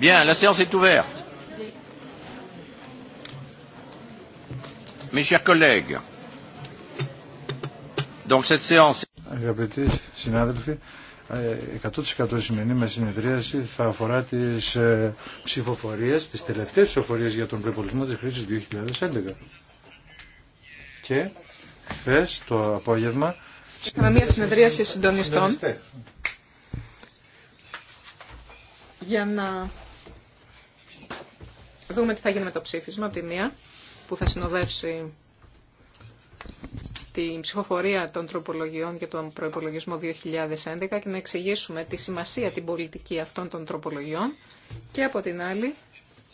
Bien, la séance est ouverte. Mes chers collègues, donc cette séance... Αγαπητοί συνάδελφοι, 100% η σημερινή μα συνεδρίαση θα αφορά τι ψηφοφορίε, τι τελευταίε ψηφοφορίε για τον προπολισμό τη χρήση 2011. Και χθε το απόγευμα... Έκανα μια συνεδρίαση συντονιστών για να δούμε τι θα γίνει με το ψήφισμα από τη μία που θα συνοδεύσει την ψηφοφορία των τροπολογιών για τον προϋπολογισμό 2011 και να εξηγήσουμε τη σημασία την πολιτική αυτών των τροπολογιών και από την άλλη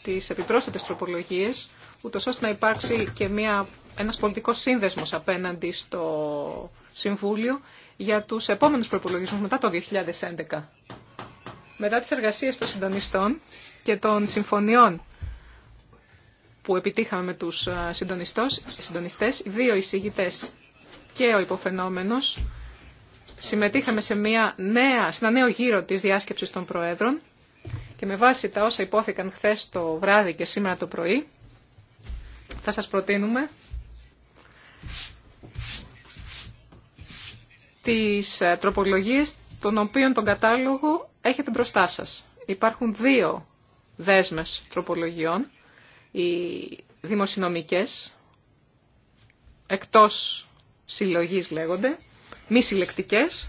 τις επιπρόσθετες τροπολογίες ούτως ώστε να υπάρξει και μια, ένας πολιτικός σύνδεσμος απέναντι στο Συμβούλιο για τους επόμενους προπολογισμούς μετά το 2011. Μετά τις εργασίες των συντονιστών και των συμφωνιών που επιτύχαμε με τους ε, συντονιστές, οι δύο εισηγητές και ο υποφαινόμενος, συμμετείχαμε σε μια νέα, σε ένα νέο γύρο της διάσκεψης των Προέδρων και με βάση τα όσα υπόθηκαν χθε το βράδυ και σήμερα το πρωί, θα σας προτείνουμε τις ε, τροπολογίες των οποίων τον κατάλογο έχετε μπροστά σας. Υπάρχουν δύο δέσμες τροπολογιών οι δημοσιονομικές, εκτός συλλογής λέγονται, μη συλλεκτικές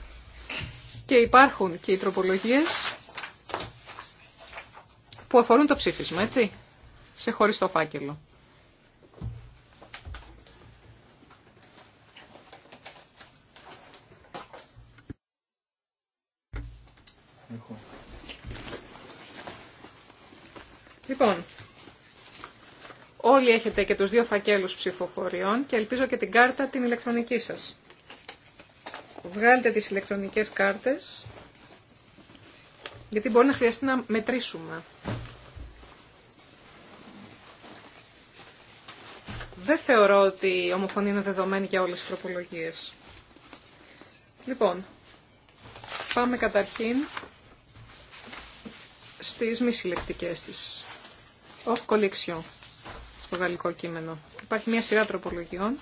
και υπάρχουν και οι τροπολογίες που αφορούν το ψήφισμα, έτσι, σε χωριστό φάκελο. Λοιπόν, Όλοι έχετε και τους δύο φακέλους ψηφοφοριών και ελπίζω και την κάρτα την ηλεκτρονική σας. Βγάλτε τις ηλεκτρονικές κάρτες, γιατί μπορεί να χρειαστεί να μετρήσουμε. Δεν θεωρώ ότι η ομοφωνία είναι δεδομένη για όλες τις τροπολογίες. Λοιπόν, πάμε καταρχήν στις μη συλλεκτικές της. Off collection στο γαλλικό κείμενο. Υπάρχει μια σειρά τροπολογιών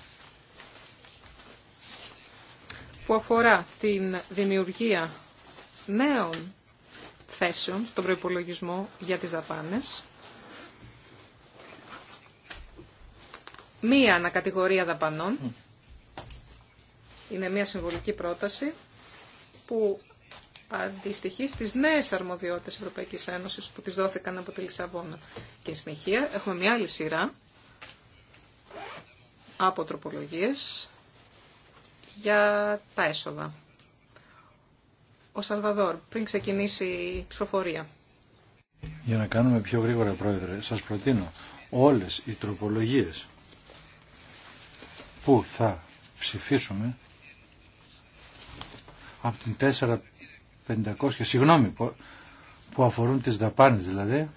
που αφορά την δημιουργία νέων θέσεων στον προϋπολογισμό για τις δαπάνες. Μία ανακατηγορία δαπανών. Είναι μια συμβολική πρόταση που αντιστοιχεί στις νέες αρμοδιότητες Ευρωπαϊκής Ένωσης που τις δόθηκαν από τη Λισαβόνα. Και συνεχεία έχουμε μια άλλη σειρά από τροπολογίες για τα έσοδα. Ο Σαλβαδόρ, πριν ξεκινήσει η ψηφοφορία. Για να κάνουμε πιο γρήγορα, Πρόεδρε, σας προτείνω όλες οι τροπολογίες που θα ψηφίσουμε από την 4.500, συγγνώμη, που αφορούν τις δαπάνες δηλαδή,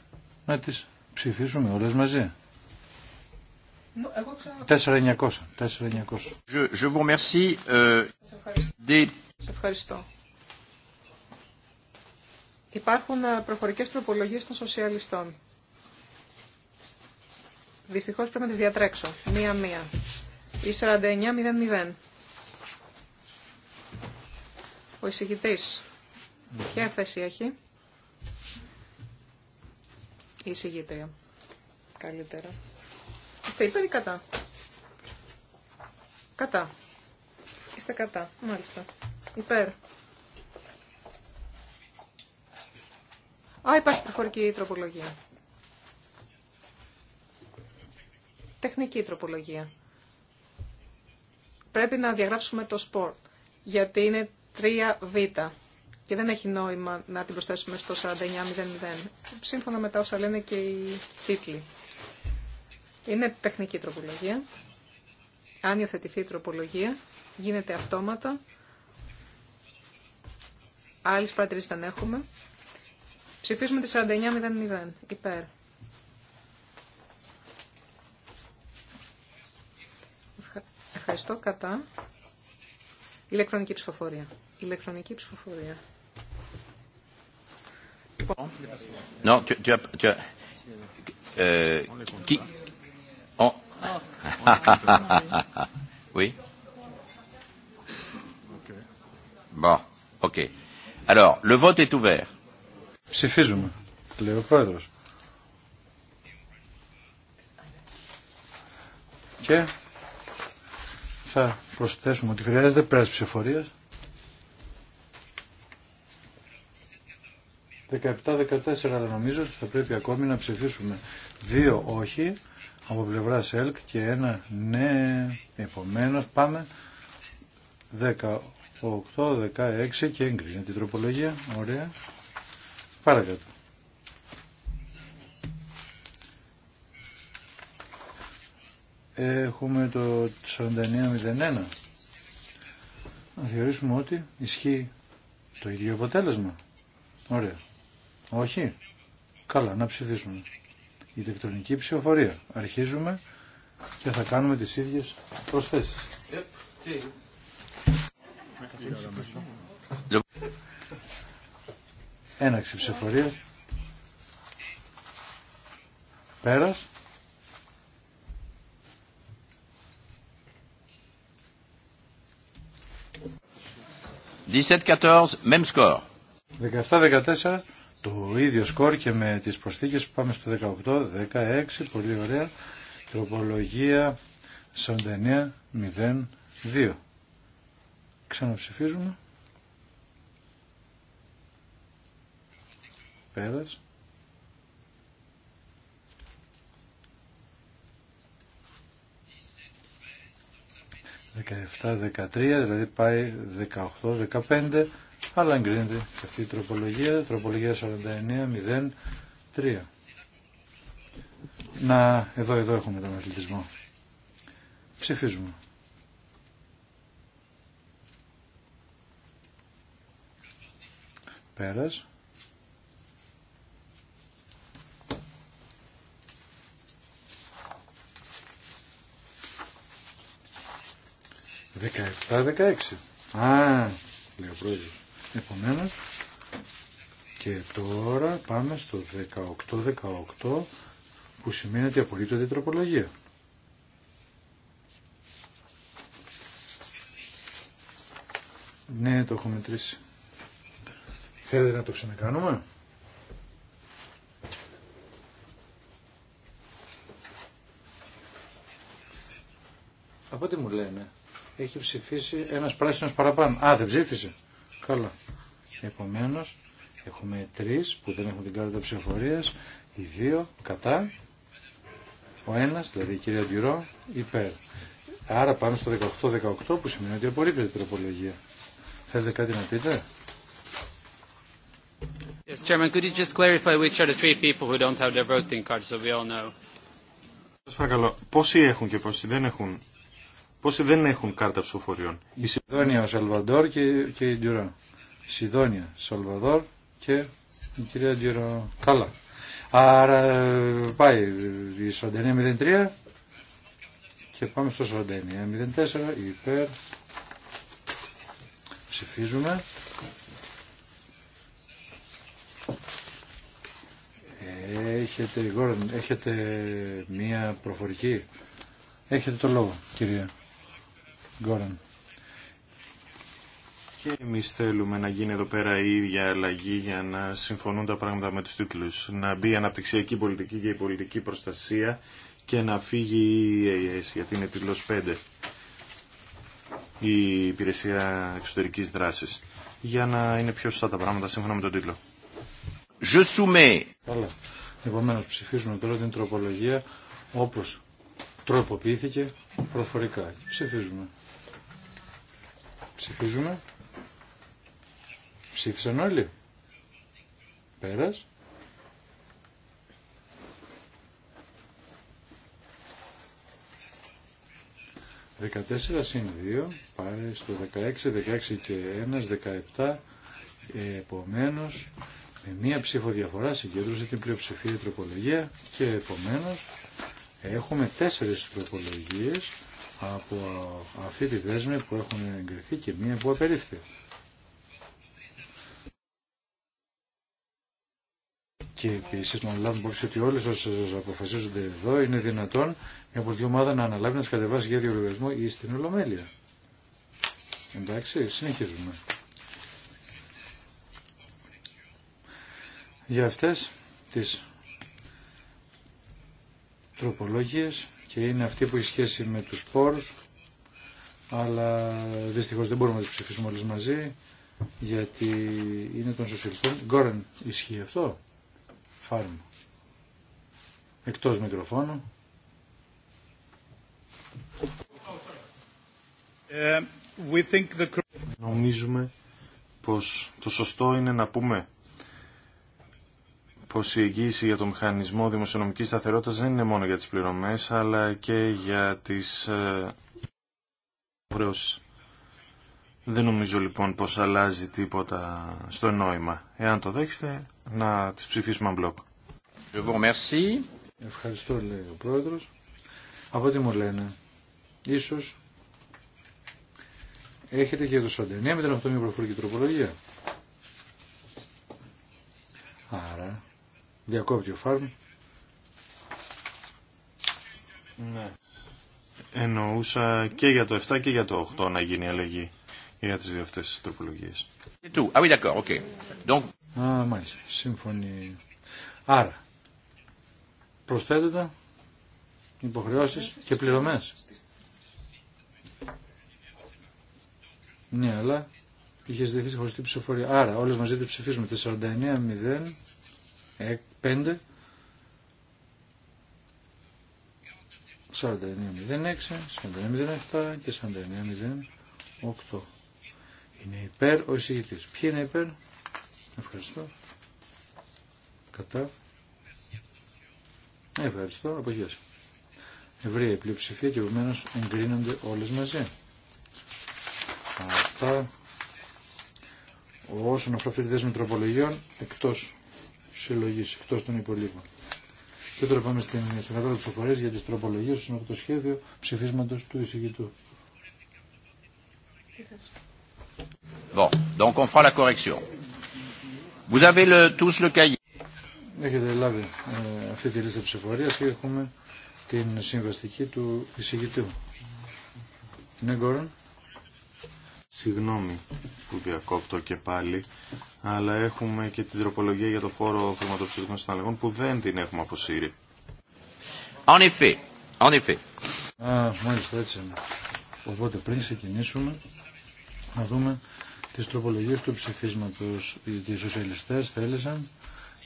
να τις ψηφίσουμε όλες μαζί. 4.900. Euh, ευχαριστώ. Υπάρχουν ε, προφορικές τροπολογίες των σοσιαλιστών. Δυστυχώς πρέπει να τις διατρέξω. Μία-μία. Η 49.00. Ο εισηγητής. Ναι. Ποια θέση έχει. Η εισηγητη Καλύτερα. Είστε υπέρ ή κατά. Κατά. Είστε κατά. Μάλιστα. Υπέρ. Α, υπάρχει προφορική τροπολογία. Τεχνική τροπολογία. Πρέπει να διαγράψουμε το σπορ, γιατί είναι 3β και δεν έχει νόημα να την προσθέσουμε στο 4900, σύμφωνα με τα όσα λένε και οι τίτλοι. Είναι τεχνική τροπολογία. Αν υιοθετηθεί η τροπολογία, γίνεται αυτόματα. Άλλε παρατηρήσει δεν έχουμε. Ψηφίζουμε τη 49.00. Υπέρ. Ευχαριστώ. Κατά. Ηλεκτρονική ψηφοφορία. Ηλεκτρονική ψηφοφορία. Non, tu, tu tu Oui Bon, ok. Alors, le vote est ouvert. Ψηφίζουμε, λέει ο πρόεδρο. Και θα προσθέσουμε ότι χρειάζεται πέρας ψηφορίας. 17-14 νομίζω ότι θα πρέπει ακόμη να ψηφίσουμε δύο όχι από πλευρά ΕΛΚ και ένα ναι, επομένω πάμε 18, 16 και έγκρινε την τροπολογία, ωραία, παρακάτω. Έχουμε το 4901. Να θεωρήσουμε ότι ισχύει το ίδιο αποτέλεσμα. Ωραία. Όχι. Καλά, να ψηφίσουμε η ηλεκτρονική ψηφοφορία. Αρχίζουμε και θα κάνουμε τις ίδιες προσθέσεις. Έναξη ψηφοφορία. Πέρας. même μένες 17-14, το ίδιο σκορ και με τις προσθήκες πάμε στο 18, 16, πολύ ωραία, τροπολογία 49-02. Ξαναψηφίζουμε. Πέρας. 17, 13, δηλαδή πάει 18, 15 αλλά εγκρίνεται αυτή η τροπολογία, τροπολογία 49.03. Να, εδώ, εδώ έχουμε τον αθλητισμό. Ψηφίζουμε. Πέρας. Πέρας. δεκαέξι. Α, λέει ο πρόεδρος. Επομένως, και τώρα πάμε στο 18-18 που σημαίνει ότι απολύτωται η τροπολογία. Ναι, το έχω μετρήσει. Θέλετε να το ξανακάνουμε. Από τι μου λένε, έχει ψηφίσει ένας πράσινος παραπάνω. Α, δεν ψήφισε. Καλά. Επομένω έχουμε τρεις που δεν έχουν την κάρτα ψηφοφορίας, οι δύο κατά, ο ένας, δηλαδή η κυρία Ντιρό, υπέρ. Άρα πάμε στο 18-18 που σημαίνει ότι απορρίπτεται η τροπολογία. Θέλετε κάτι να πείτε? Yes, Chairman, could you just clarify which are the three people who don't have their voting cards so we all know? παρακαλώ, πόσοι έχουν και πόσοι δεν έχουν Πόσοι δεν έχουν κάρτα ψηφοφοριών. Η Σιδόνια, ο Σαλβαντόρ και, και η Ντυρό. Σιδόνια, Σαλβαδόρ και η κυρία Ντυρό. Καλά. Άρα ε, πάει η 03 και πάμε στο 4904 υπέρ. Ψηφίζουμε. Έχετε, έχετε μία προφορική. Έχετε το λόγο, κυρία. Και εμείς θέλουμε να γίνει εδώ πέρα η ίδια αλλαγή για να συμφωνούν τα πράγματα με τους τίτλους. Να μπει η αναπτυξιακή πολιτική και η πολιτική προστασία και να φύγει η EAS γιατί είναι τίτλος 5 η υπηρεσία εξωτερικής δράσης για να είναι πιο σωστά τα πράγματα σύμφωνα με τον τίτλο. Je soumets. Καλά. Επομένως ψηφίζουμε τώρα την τροπολογία όπως τροποποιήθηκε προφορικά. Ψηφίζουμε. Ψηφίζουμε. Ψήφισαν όλοι. Πέρας. 14 συν 2, πάει στο 16, 16 και 1, 17, επομένως με μία ψήφο διαφορά συγκέντρωσε την πλειοψηφία τροπολογία και επομένως έχουμε τέσσερις τροπολογίες από αυτή τη δέσμη που έχουν εγκριθεί και μία που απερίφθη. Και επίση να λάβουμε υπόψη ότι όλε όσε αποφασίζονται εδώ είναι δυνατόν μια πολιτική ομάδα να λαβουμε υποψη οτι ολε οσε αποφασιζονται εδω ειναι δυνατον μια δυο ομαδα να σκατεβάσει για διοργανισμό ή στην Ολομέλεια. Εντάξει, συνεχίζουμε. Για αυτές τις τροπολόγιες και είναι αυτή που έχει σχέση με τους σπόρους, αλλά δυστυχώς δεν μπορούμε να τις ψηφίσουμε όλες μαζί γιατί είναι των σοσιαλιστών. Γκόρεν ισχύει αυτό. Φάρμα. Εκτός μικροφώνου. Ε, Νομίζουμε πως το σωστό είναι να πούμε πως η εγγύηση για το μηχανισμό δημοσιονομικής σταθερότητας δεν είναι μόνο για τις πληρωμές, αλλά και για τις ε, χρεώσεις. Δεν νομίζω λοιπόν πως αλλάζει τίποτα στο νόημα. Εάν το δέχεστε, να τις ψηφίσουμε μπλοκ. Ευχαριστώ, λέει ο πρόεδρος. Από τι μου λένε, ίσως έχετε και το 49 με την αυτομή προφορική τροπολογία. Άρα Διακόπτει ο Φάρμ. Ναι. Εννοούσα και για το 7 και για το 8 να γίνει αλλαγή για τις δύο αυτές τις τροπολογίες. Ah μάλιστα, σύμφωνοι. Άρα, προσθέτοντα υποχρεώσεις και πληρωμές. Ναι, αλλά είχε ζητηθεί χωριστή ψηφοφορία. Άρα, όλες μαζί δεν ψηφίζουμε. 49-0 5 49.06, 49.07 και 49.08. Είναι υπέρ ο εισηγητής. Ποιοι είναι υπέρ. Ευχαριστώ. Κατά. Ευχαριστώ. Απογειές. Ευρία πλειοψηφία και επομένως εγκρίνονται όλες μαζί. Αυτά όσον αφορά αυτή τη δέσμη εκτός συλλογή εκτό των υπολείπων. Και τώρα πάμε στην συνεργασία της οφορίας για τις τροπολογίες στον το σχέδιο ψηφίσματο του εισηγητού. Bon, donc on fera la correction. Vous avez le, tous le cahier. Έχετε λάβει ε, αυτή τη λίστα ψηφορία και έχουμε την συμβαστική του εισηγητού. Ναι, Γκόρον. Συγγνώμη που διακόπτω και πάλι, αλλά έχουμε και την τροπολογία για το φόρο των συναλλαγών που δεν την έχουμε αποσύρει. En effet. En effet. μάλιστα έτσι είναι. Οπότε πριν ξεκινήσουμε να δούμε τις τροπολογίε του ψηφίσματο. Οι σοσιαλιστέ θέλησαν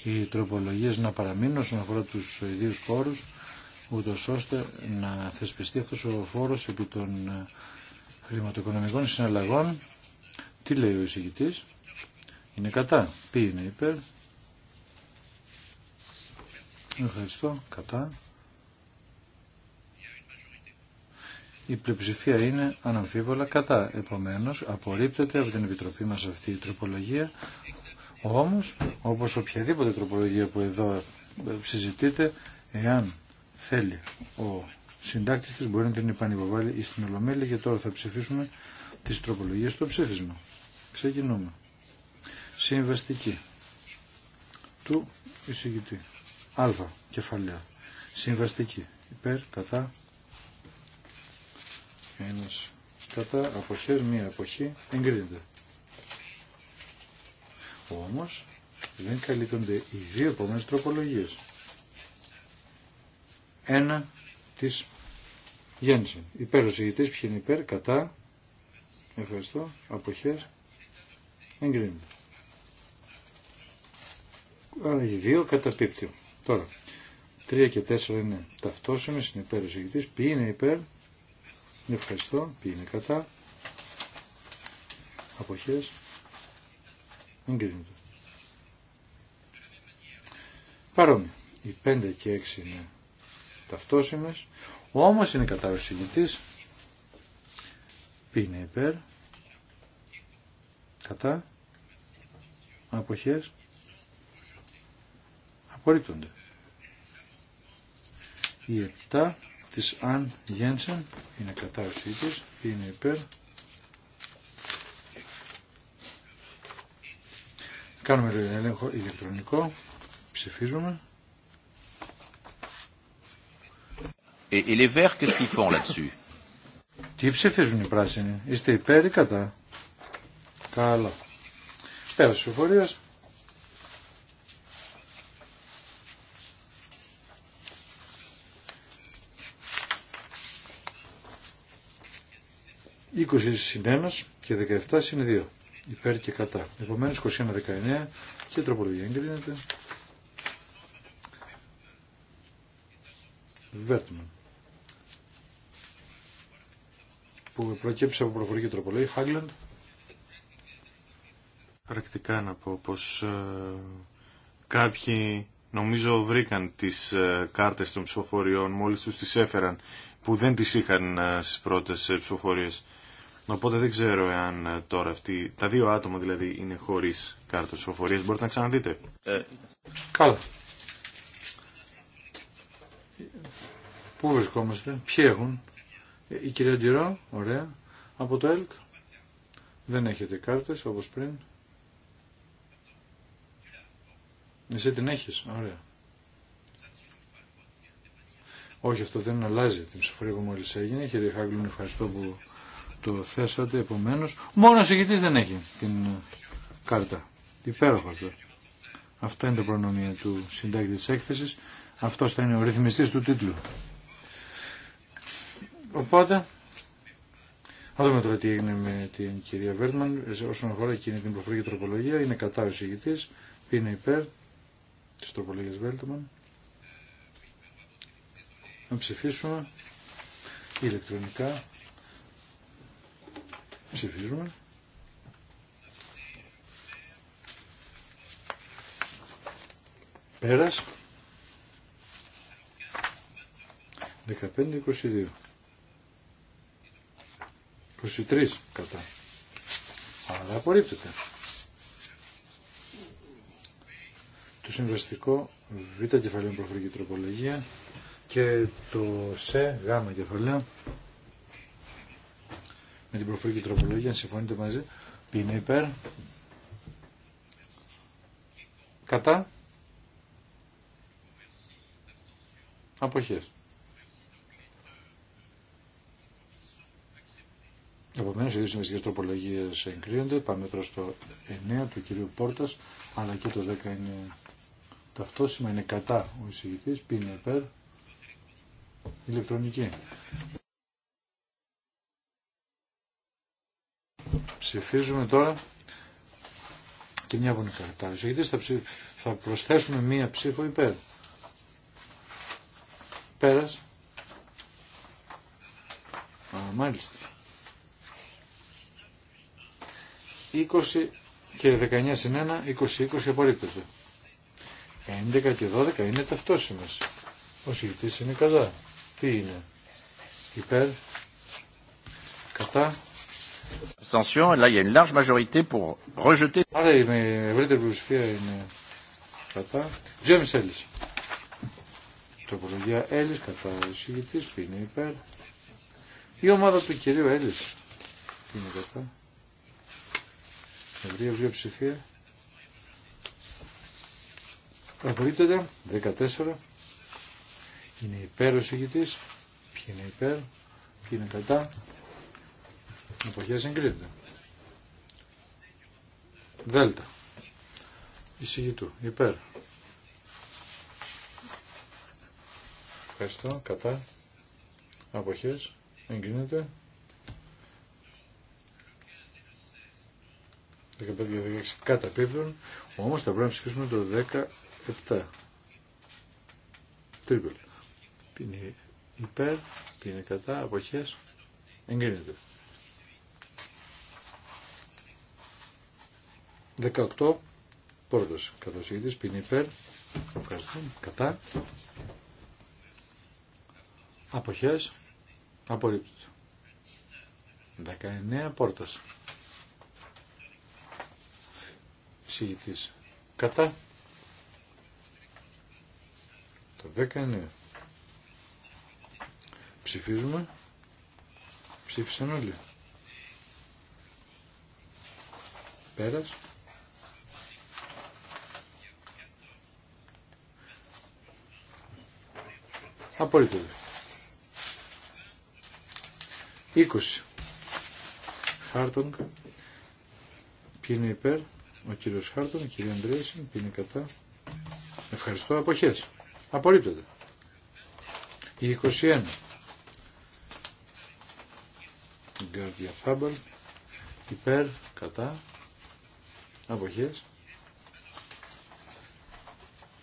οι τροπολογίε να παραμείνουν όσον αφορά του ιδίου πόρου, ούτω ώστε να θεσπιστεί αυτό ο φόρο επί των ε, χρηματοοικονομικών συναλλαγών. Τι λέει ο εισηγητής. Είναι κατά. Ποιοι είναι υπέρ. Ευχαριστώ. Κατά. Η πλειοψηφία είναι αναμφίβολα κατά. Επομένως, απορρίπτεται από την Επιτροπή μας αυτή η τροπολογία. Όμως, όπως οποιαδήποτε τροπολογία που εδώ ε, συζητείτε, εάν θέλει ο συντάκτη τη μπορεί να την επανυποβάλει στην Ολομέλη και τώρα θα ψηφίσουμε τι τροπολογίε στο ψήφισμα. Ξεκινούμε. Συμβαστική του εισηγητή. Α, κεφαλαία. Συμβαστική. Υπέρ, κατά. Ένα κατά. Αποχέ, μία εποχή. Εγκρίνεται. Όμω δεν καλύπτονται οι δύο επόμενε τροπολογίε. Ένα της Γένσεν. Υπέρ ο συγητή, ποιοι είναι υπέρ, κατά. Ευχαριστώ. απόχέ Εγκρίνεται. Άρα οι δύο καταπίπτει. Τώρα, Τρία και τέσσερα είναι ταυτόσιμε, είναι υπέρ ο συγητή. Ποιοι είναι υπέρ. Ευχαριστώ. Ποιοι είναι κατά. απόχέ, Εγκρίνεται. Παρόμοια. Οι 5 και 6 είναι ταυτόσιμες. Όμως είναι κατά ο συγκητής. υπέρ. Κατά. Αποχές. Απορρίπτονται. Η επτά της Αν Γένσεν είναι κατά ο συγκητής. Ποιοι υπέρ. Κάνουμε έλεγχο ηλεκτρονικό. Ψηφίζουμε. Et, et les verts, qu'est-ce qu'ils font là-dessus Τι ψηφίζουν οι πράσινοι. Είστε υπέρ ή κατά. Καλά. Πέρα τη φορείας. 20 συν και 17 συν 2. Υπέρ και κατά. Επομένως 21-19 και τροπολογία εγκρίνεται. Βέρτμαν. που προκύψε από προφορική τροπολογία. Χάγκλαντ. Πρακτικά να πω πως ε, κάποιοι νομίζω βρήκαν τις ε, κάρτες των ψηφοφοριών μόλις τους τις έφεραν που δεν τις είχαν ε, στις πρώτες ψηφοφορίες. Οπότε δεν ξέρω εάν τώρα αυτοί, τα δύο άτομα δηλαδή είναι χωρίς κάρτες ψηφοφορίας. Μπορείτε να ξαναδείτε. Ε. Καλά. Πού βρισκόμαστε, ποιοι έχουν, ε, η κυρία ωραία. Από το ΕΛΚ. Δεν έχετε κάρτες όπως πριν. Εσύ την έχεις, ωραία. Όχι, αυτό δεν αλλάζει την ψηφορία που μόλις έγινε. Κύριε Χάγκλουν, ευχαριστώ που το θέσατε. Επομένως, μόνο ο δεν έχει την ε, κάρτα. Υπέροχο αυτό. Αυτά είναι τα προνομία του συντάκτη της έκθεσης. Αυτός θα είναι ο ρυθμιστής του τίτλου. Οπότε, θα δούμε τώρα τι έγινε με την κυρία Βέρτμαν όσον αφορά εκείνη την προφορική τροπολογία. Είναι κατά ο συγητής, είναι υπέρ της τροπολογία Βέρτμαν. Να ψηφίσουμε ηλεκτρονικά. Ψηφίζουμε. Πέρας. 15-22. 23 κατά. Άρα απορρίπτεται. Το συμβαστικό β κεφαλαίο προφορική τροπολογία και το σε γ κεφαλαίο με την προφορική τροπολογία, αν συμφωνείτε μαζί, ποιοι είναι υπέρ, κατά, αποχές. Επομένω, οι δύο σημαντικέ τροπολογίε εγκρίνονται. Πάμε τώρα στο 9 του κυρίου Πόρτα, αλλά και το 10 είναι ταυτόσημα. Είναι κατά ο εισηγητή. πίνει υπέρ. Ηλεκτρονική. Ψηφίζουμε τώρα και μια που κατά. Ο εισηγητή θα, προσθέσουμε μία ψήφο υπέρ. Πέρας. μάλιστα. 20 και 19 συν 1, 20-20 απορρίπτεται. 11 και 12 είναι ταυτόσιμες. Ο συγκριτής είναι κατά. Τι είναι. Υπέρ. Κατά. là il y a une large majorité pour rejeter. Άρα η ευρύτερη πλειοψηφία είναι κατά. James Ellis. Τροπολογία Ellis κατά ο συγκριτής που είναι υπέρ. Η ομάδα του κυρίου Ellis. είναι κατά ευρία ψηφία Απορρίπτεται 14. Είναι υπέρ ο συγκητής. Ποιοι είναι υπέρ, ποιοι είναι κατά. Εποχές εγκρίνεται. Δέλτα. Εισηγητού. Υπέρ. Ευχαριστώ. Κατά. Αποχές. Εγκρίνεται. 15-16 καταπίπτουν, όμως θα πρέπει να ψηφίσουμε το 17. Τρίπελ. Είναι υπέρ, είναι κατά, αποχές, εγκρίνεται. 18, πρώτος κατοσυγητής, πίνει υπέρ, ευχαριστώ, κατά, αποχές, απορριπτωση 19, Πόρτος εισηγητής. Κατά. Το 19. Ψηφίζουμε. Ψήφισαν όλοι. Πέρας. Απόλυτο. 20. Χάρτονγκ. Ποιοι είναι υπέρ. Ο κύριος Χάρτον, η κυρία Ανδρέας είναι κατά. Ευχαριστώ. Αποχές. Απορρίπτονται. Η 21. Γκάρδια Θάμπαλ. Υπέρ, κατά. Αποχές.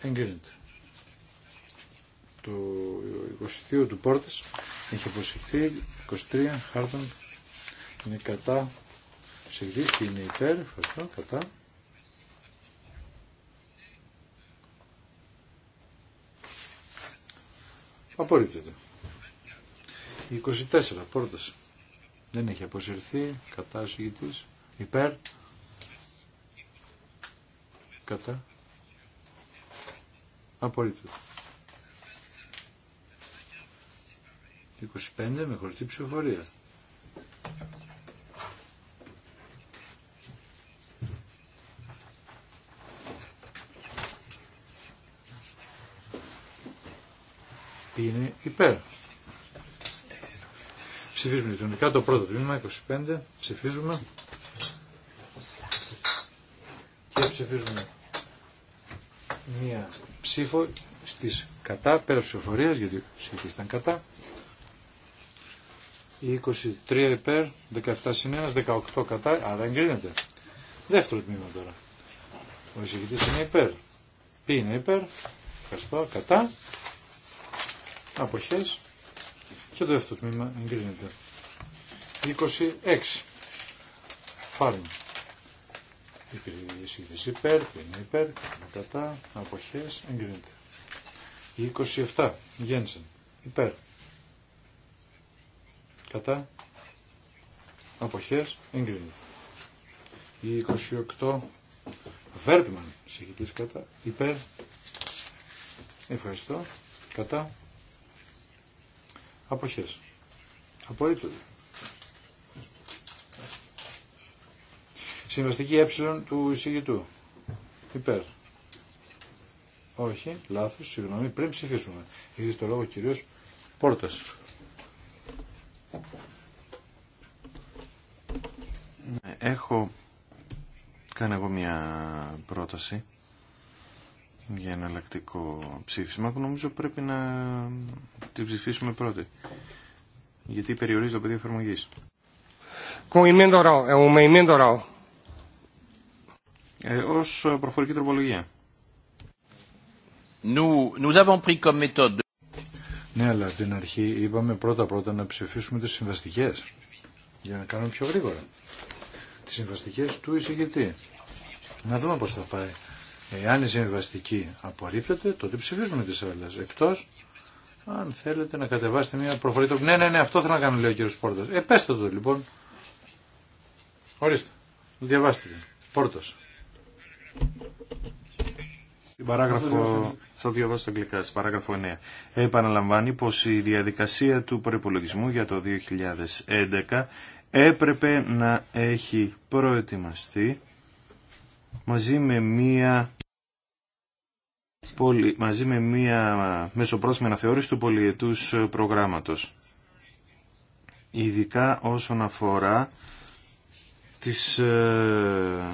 Εγκρίνεται. Το 22 του Πόρτες έχει αποσυρθεί. 23 Χάρτον είναι κατά. Συγγνώμη είναι υπέρ. Ευχαριστώ. Κατά. Απορρίπτεται. 24 πόρτες. Δεν έχει αποσυρθεί. Κατά τη Υπέρ. Κατά. Απορρίπτεται. 25 με χωριστή ψηφοφορία. Υπέρ. Ψηφίζουμε ηλεκτρονικά το πρώτο τμήμα, 25. Ψηφίζουμε. Και ψηφίζουμε μία ψήφο στις κατά, πέρα ψηφοφορίας, γιατί ψηφίσταν κατά. 23 υπέρ, 17 συν 18 κατά, άρα εγκρίνεται. Δεύτερο τμήμα τώρα. Ο εισηγητής είναι υπέρ. Ποιοι είναι υπέρ, ευχαριστώ, κατά αποχές και το δεύτερο τμήμα εγκρίνεται. 26. Φάρμα. Η σύγκριση υπέρ, που είναι υπέρ, κατά, αποχές, εγκρίνεται. 27. Γένσεν. Υπέρ. Κατά. Αποχές, εγκρίνεται. 28. Βέρτμαν, συγχυτής κατά, υπέρ, ευχαριστώ, κατά, Αποχές. Απορρίπτω. Συμβαστική ε του εισηγητού. Υπέρ. Όχι, λάθος, συγγνώμη, πριν ψηφίσουμε. Έχεις το λόγο κυρίως Πόρτας. Έχω κάνει εγώ μια πρόταση για εναλλακτικό ψήφισμα που νομίζω πρέπει να την ψηφίσουμε πρώτη. Γιατί περιορίζει το πεδίο εφαρμογή. Eh, ε, Ω προφορική τροπολογία. Nous, nous pris comme méthode... Ναι, αλλά την αρχή είπαμε πρώτα-πρώτα να ψηφίσουμε τι συμβαστικέ. για να κάνουμε πιο γρήγορα. Τι συμβαστικέ του εισηγητή. Να δούμε πώ θα πάει Εάν η συμβαστική απορρίπτεται, τότε ψηφίζουμε τις άλλε. Εκτό. αν θέλετε να κατεβάσετε μια προφορή. Ναι, ναι, ναι, αυτό θέλω να κάνω, λέει ο κύριο Πόρτο. Ε, πέστε το λοιπόν. Ορίστε, διαβάστε το. Στην παράγραφο... Θα διαβάσω αγγλικά, στην παράγραφο 9. Επαναλαμβάνει πω η διαδικασία του προπολογισμού για το 2011 έπρεπε να έχει προετοιμαστεί μαζί με μία μαζί με μία μεσοπρόθεσμη αναθεώρηση του πολιετούς προγράμματος. Ειδικά όσον αφορά τις, ε,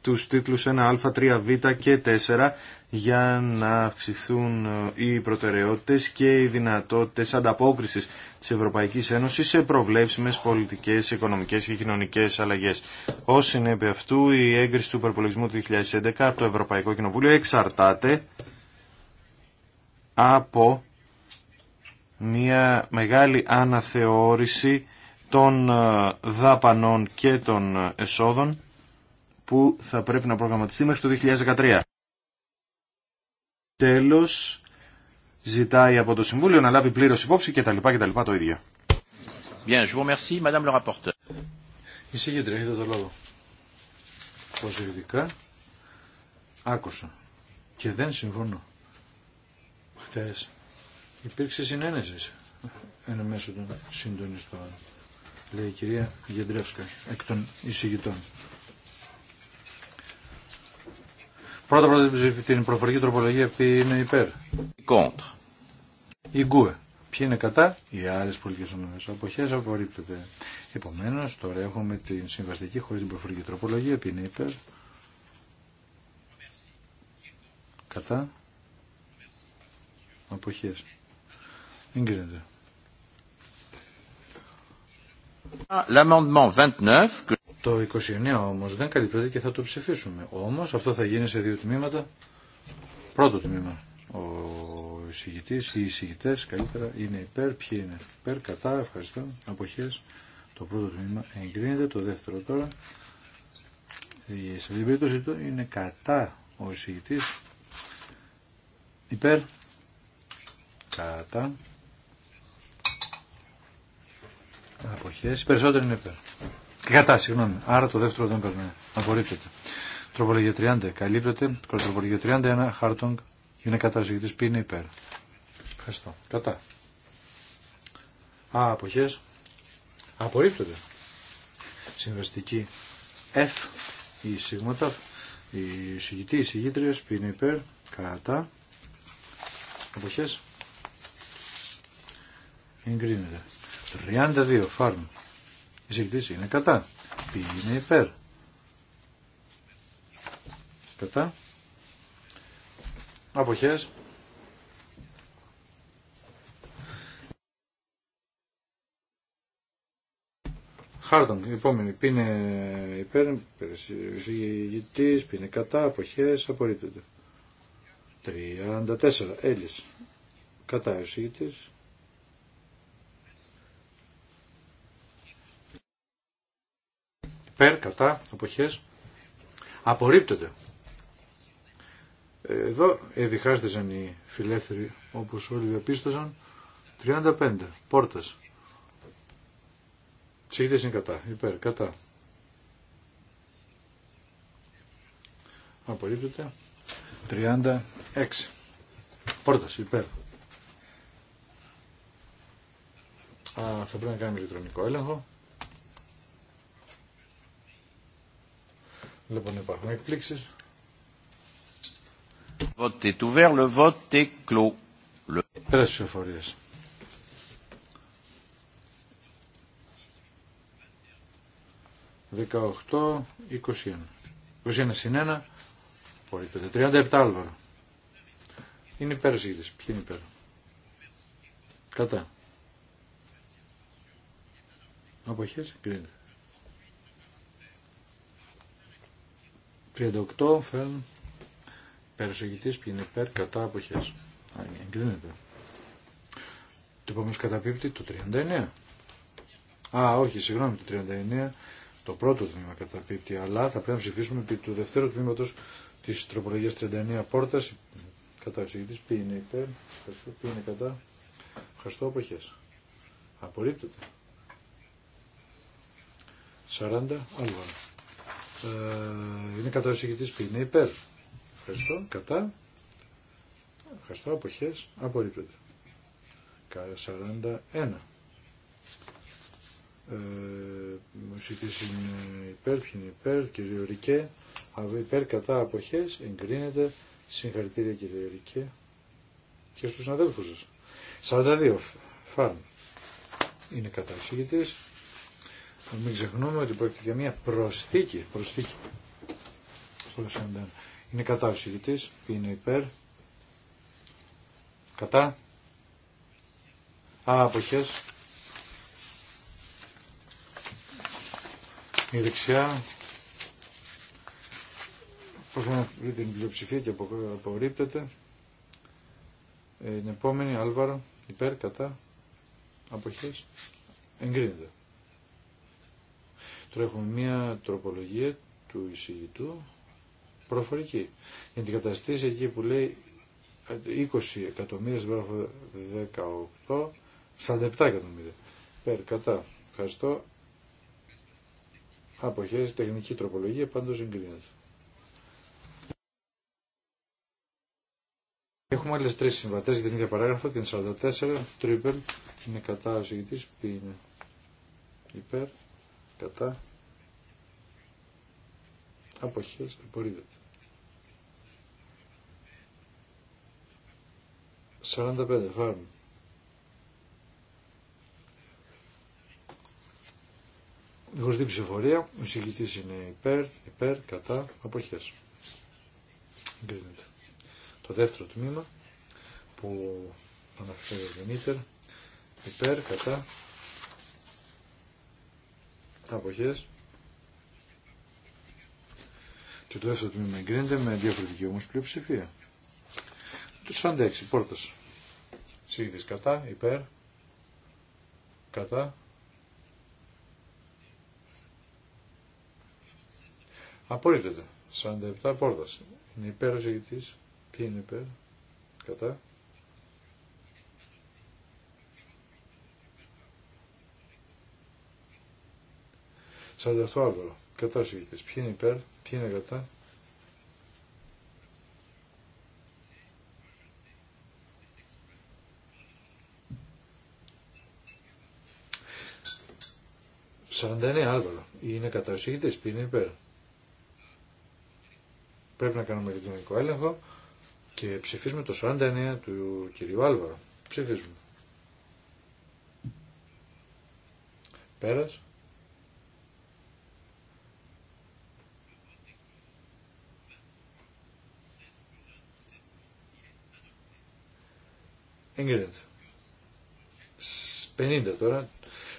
τους τίτλους 1α, 3β και 4 για να αυξηθούν ε, οι προτεραιότητες και οι δυνατότητες ανταπόκρισης της Ευρωπαϊκής Ένωσης σε προβλέψιμες πολιτικές, οικονομικές και κοινωνικές αλλαγές. Ως συνέπεια αυτού, η έγκριση του υπερπολογισμού του 2011 από το Ευρωπαϊκό Κοινοβούλιο εξαρτάται από μια μεγάλη αναθεώρηση των ε, δαπανών και των ε, εσόδων που θα πρέπει να προγραμματιστεί μέχρι το 2013 τέλος ζητάει από το Συμβούλιο να λάβει πλήρως υπόψη κτλ. κτλ το ίδιο. Bien, je vous remercie, Madame le rapporteur. Εισηγήτρια, έχετε το λόγο. Προσεκτικά άκουσα και δεν συμφωνώ. Χτες υπήρξε συνένεση εν μέσω των συντονιστών. Λέει η κυρία Γεντρεύσκα εκ των εισηγητών. Πρώτα πρώτα την προφορική τροπολογία ποιοι είναι υπέρ. Κόντρ. Η Γκουε. Ποιοι είναι κατά. Οι άλλες πολιτικές ομάδες. Αποχές απορρίπτεται. Επομένως τώρα έχουμε την συμβαστική χωρίς την προφορική τροπολογία. Ποιοι είναι υπέρ. Κατά. Αποχές. Εγκρίνεται. L'amendement 29 το 29 όμως δεν καλύπτεται και θα το ψηφίσουμε. Όμως αυτό θα γίνει σε δύο τμήματα. Πρώτο τμήμα. Ο εισηγητής ή οι εισηγητές καλύτερα είναι υπέρ. Ποιοι είναι υπέρ, κατά, ευχαριστώ, αποχές. Το πρώτο τμήμα εγκρίνεται. Το δεύτερο τώρα. Σε αυτή την περίπτωση είναι κατά ο εισηγητής. Υπέρ. Κατά. Αποχές. Περισσότερο είναι υπέρ. Κατά, συγγνώμη. Άρα το δεύτερο δεν περνάει. Απορρίπτεται. Τροπολογία 30. Καλύπτεται. Τροπολογία 31. Χάρτονγκ. Είναι κατά ζητητή. πίνει υπέρ. Ευχαριστώ. Κατά. Α, αποχέ. Απορρίπτεται. Συμβαστική F. Η σίγματα. Η συγητή, οι συγγήτριε. Πίνει υπέρ. Κατά. Αποχέ. Εγκρίνεται. 32. Φάρμ εισηγητής είναι κατά. Ποιοι είναι υπέρ. Κατά. Αποχές. Χάρτον, η επόμενη. Ποιοι είναι υπέρ, εισηγητής, ποιοι είναι κατά, αποχές, απορρίπτονται. 34. Έλλης. Κατά εισηγητής. υπέρ, κατά, αποχές. Απορρίπτεται. Εδώ εδιχάστησαν οι φιλεύθεροι, όπως όλοι διαπίστωσαν, 35 πόρτες. Ψήχτες είναι κατά, υπέρ, κατά. Απορρίπτεται. 36 πόρτες, υπέρ. Α, θα πρέπει να κάνουμε ηλεκτρονικό έλεγχο. Λοιπόν, υπάρχουν εκπλήξεις. Vote est ouvert, le vote clos. Le... ψηφοφορίες. 18-21. 21 συν 1. 37 Άλβαρο. Είναι υπέρ συγκριτής. Ποιοι είναι υπέρ. Κατά. Αποχές. Κρίνεται. 38 φέρν περισογητής που είναι υπέρ κατά αποχές. Εγκρίνεται. Το επόμενο καταπίπτει το 39. Α, όχι, συγγνώμη, το 39 το πρώτο τμήμα καταπίπτει, αλλά θα πρέπει να ψηφίσουμε επί του δευτέρου τμήματος της τροπολογίας 39 πόρτας. Κατά εξηγητής, ποι είναι υπέρ, ποι είναι κατά. Ευχαριστώ, αποχές. Απορρίπτεται. 40 άλλο. Ε, είναι κατά ο συγκητής που είναι υπέρ. Ευχαριστώ. Κατά. Ευχαριστώ. Αποχές. Απορρίπτεται. 41. Ε, ο είναι υπέρ. Ποιοι είναι υπέρ. Κύριο Ρικέ. Υπέρ κατά αποχές. Εγκρίνεται. Συγχαρητήρια κύριε Ρικέ. Και στους συναδέλφους σας. 42. Φαν. Είναι κατά ο μην ξεχνούμε ότι πρόκειται για μια προσθήκη, προσθήκη. Είναι κατά ο συγητής, ποιοι είναι υπέρ, κατά, α, αποχές, η δεξιά, προφανώς την πλειοψηφία και απορρίπτεται, ε, την επόμενη, Άλβαρο, υπέρ, κατά, αποχές, εγκρίνεται. Τώρα έχουμε μία τροπολογία του εισηγητού προφορική. Για την καταστήση εκεί που λέει 20 εκατομμύρια στην πράγμα 18, 47 εκατομμύρια. Περ, κατά. Ευχαριστώ. Αποχές, τεχνική τροπολογία, πάντως εγκρίνεται. Έχουμε άλλες τρει συμβατέ για την ίδια παράγραφο, την 44, τρίπελ, είναι κατά ο συγητή, Ποιοι είναι υπέρ, κατά αποχές απορρίδεται. 45 φάρμ. Δίχως την ψηφορία, ο συγκητής είναι υπέρ, υπέρ, κατά, αποχές. Εγκρίνεται. Το δεύτερο τμήμα που αναφέρει ο Γενίτερ, υπέρ, κατά, αποχές και το δεύτερο τμήμα εγκρίνεται με διαφορετική όμως πλειοψηφία. Το 46, πόρτας. Συγητής κατά, υπέρ, κατά. Απορρίπτεται. 47 πόρτας. Είναι υπέρ ο Τι είναι υπέρ, κατά. 48 Άλβαρο. Κατά ο Ποιοι είναι υπέρ, ποιοι είναι κατά. είναι Άλβαρο. Είναι κατά ο Ποιοι είναι υπέρ. Πρέπει να κάνουμε λειτουργικό έλεγχο και ψηφίζουμε το 49 του κυρίου Άλβαρο. Ψηφίζουμε. Πέρας. Εγκρίνεται. 50 τώρα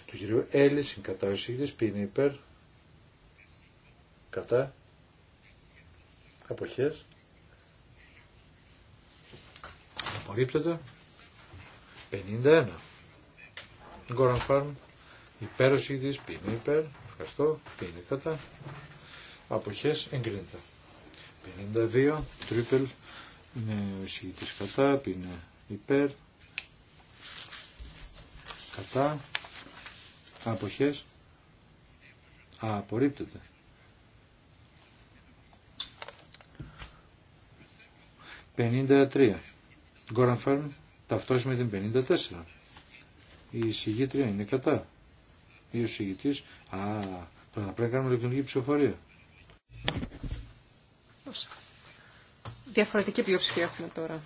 του κυρίου Έλλη κατά ο συγκριτής, Πίνει υπέρ, κατά, αποχέ. απορρίπτεται, 51. Γκόραν Φάρμ, υπέρ ο συγκριτής, Πίνει υπέρ, ευχαριστώ, Πίνει κατά, αποχές, εγκρίνεται. 52, τρίπελ, είναι ο συγκριτής κατά, Πίνει υπέρ κατά αποχές Α, απορρίπτεται. «53. Γκόραν Φέρν ταυτόση με την 54. Η εισηγήτρια είναι κατά. Ή ο εισηγητής. Α, τώρα πρέπει να κάνουμε ηλεκτρονική ψηφοφορία. Διαφορετική πλειοψηφία έχουμε τώρα.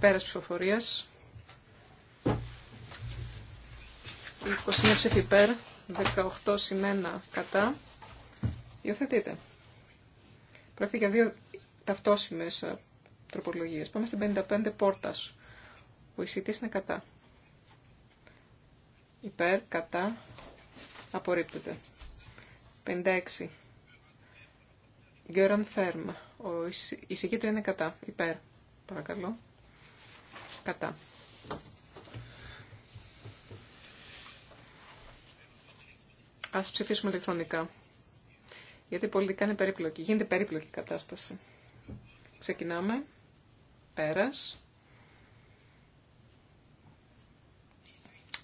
Πέρας ψηφοφορίας. 21 ψήφι υπέρ, 18 συν κατά. Υιοθετείτε. Πρόκειται για δύο ταυτόσιμες ε, τροπολογίες. Πάμε στην 55 πόρτας. Ο εισηγητής είναι κατά. Υπέρ, κατά, απορρίπτεται. 56. Γκέραν Φέρμα. Ο εισηγήτρια είναι κατά. Υπέρ. Παρακαλώ κατά. Ας ψηφίσουμε ηλεκτρονικά. Γιατί πολιτικά είναι περίπλοκη. Γίνεται περίπλοκη κατάσταση. Ξεκινάμε. Πέρας.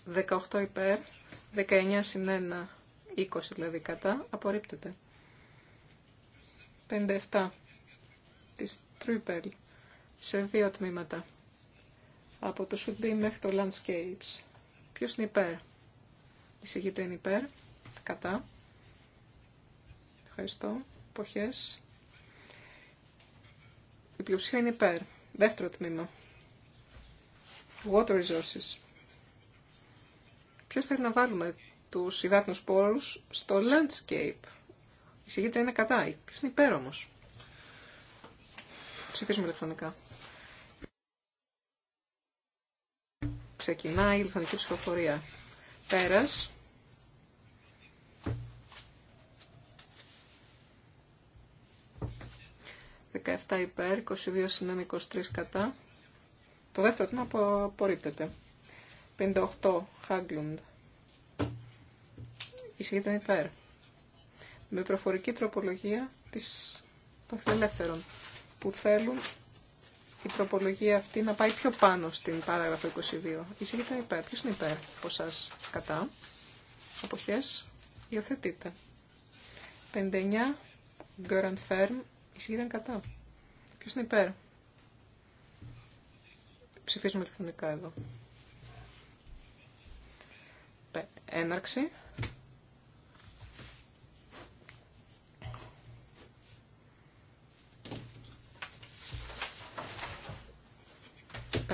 18 υπέρ, 19 συν 1, 20 δηλαδή κατά, απορρίπτεται. 57 της Τρούπελ σε δύο τμήματα από το should μέχρι το landscapes. Ποιος είναι υπέρ. Η συγκεκριμένη είναι υπέρ. Κατά. Ευχαριστώ. Ποχές. Η πλειοψηφία είναι υπέρ. Δεύτερο τμήμα. Water resources. Ποιος θέλει να βάλουμε τους υδάτινους πόρους στο landscape. Η είναι κατά. Ποιος είναι υπέρ όμως. Ψηφίζουμε ηλεκτρονικά. Ξεκινάει η ηλεκτρονική ψηφοφορία. Πέρας. Δεκαεφτά υπέρ, 22 συνένα 23 κατά. Το δεύτερο τμήμα απορρίπτεται. 58 Χάγκλουντ. Η ήταν υπέρ. Με προφορική τροπολογία της, των φιλελεύθερων που θέλουν η τροπολογία αυτή να πάει πιο πάνω στην παράγραφο 22. Εισηγείται υπέρ. Ποιος είναι υπέρ από σας κατά. Αποχές. Υιοθετείτε. 59. Firm. Φέρμ. Εισηγείται κατά. Ποιος είναι υπέρ. Ψηφίζουμε τεχνικά εδώ. Έναρξη.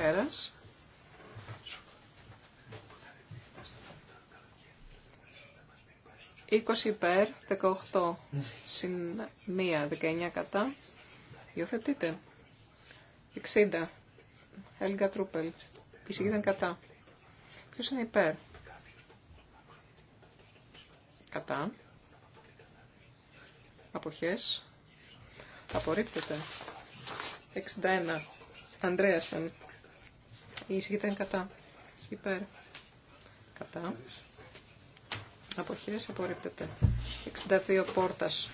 20 Είκοσι υπέρ, 18 συν 1, 19 κατά. Υιοθετείτε. 60. Έλγα Τρούπελ. Η ήταν κατά. Ποιος είναι υπέρ. Κατά. Αποχές. Απορρίπτεται. 61. Ανδρέασεν η εισηγήτρια κατά. Υπέρ. Κατά. Αποχές απορρίπτεται. 62 πόρτας.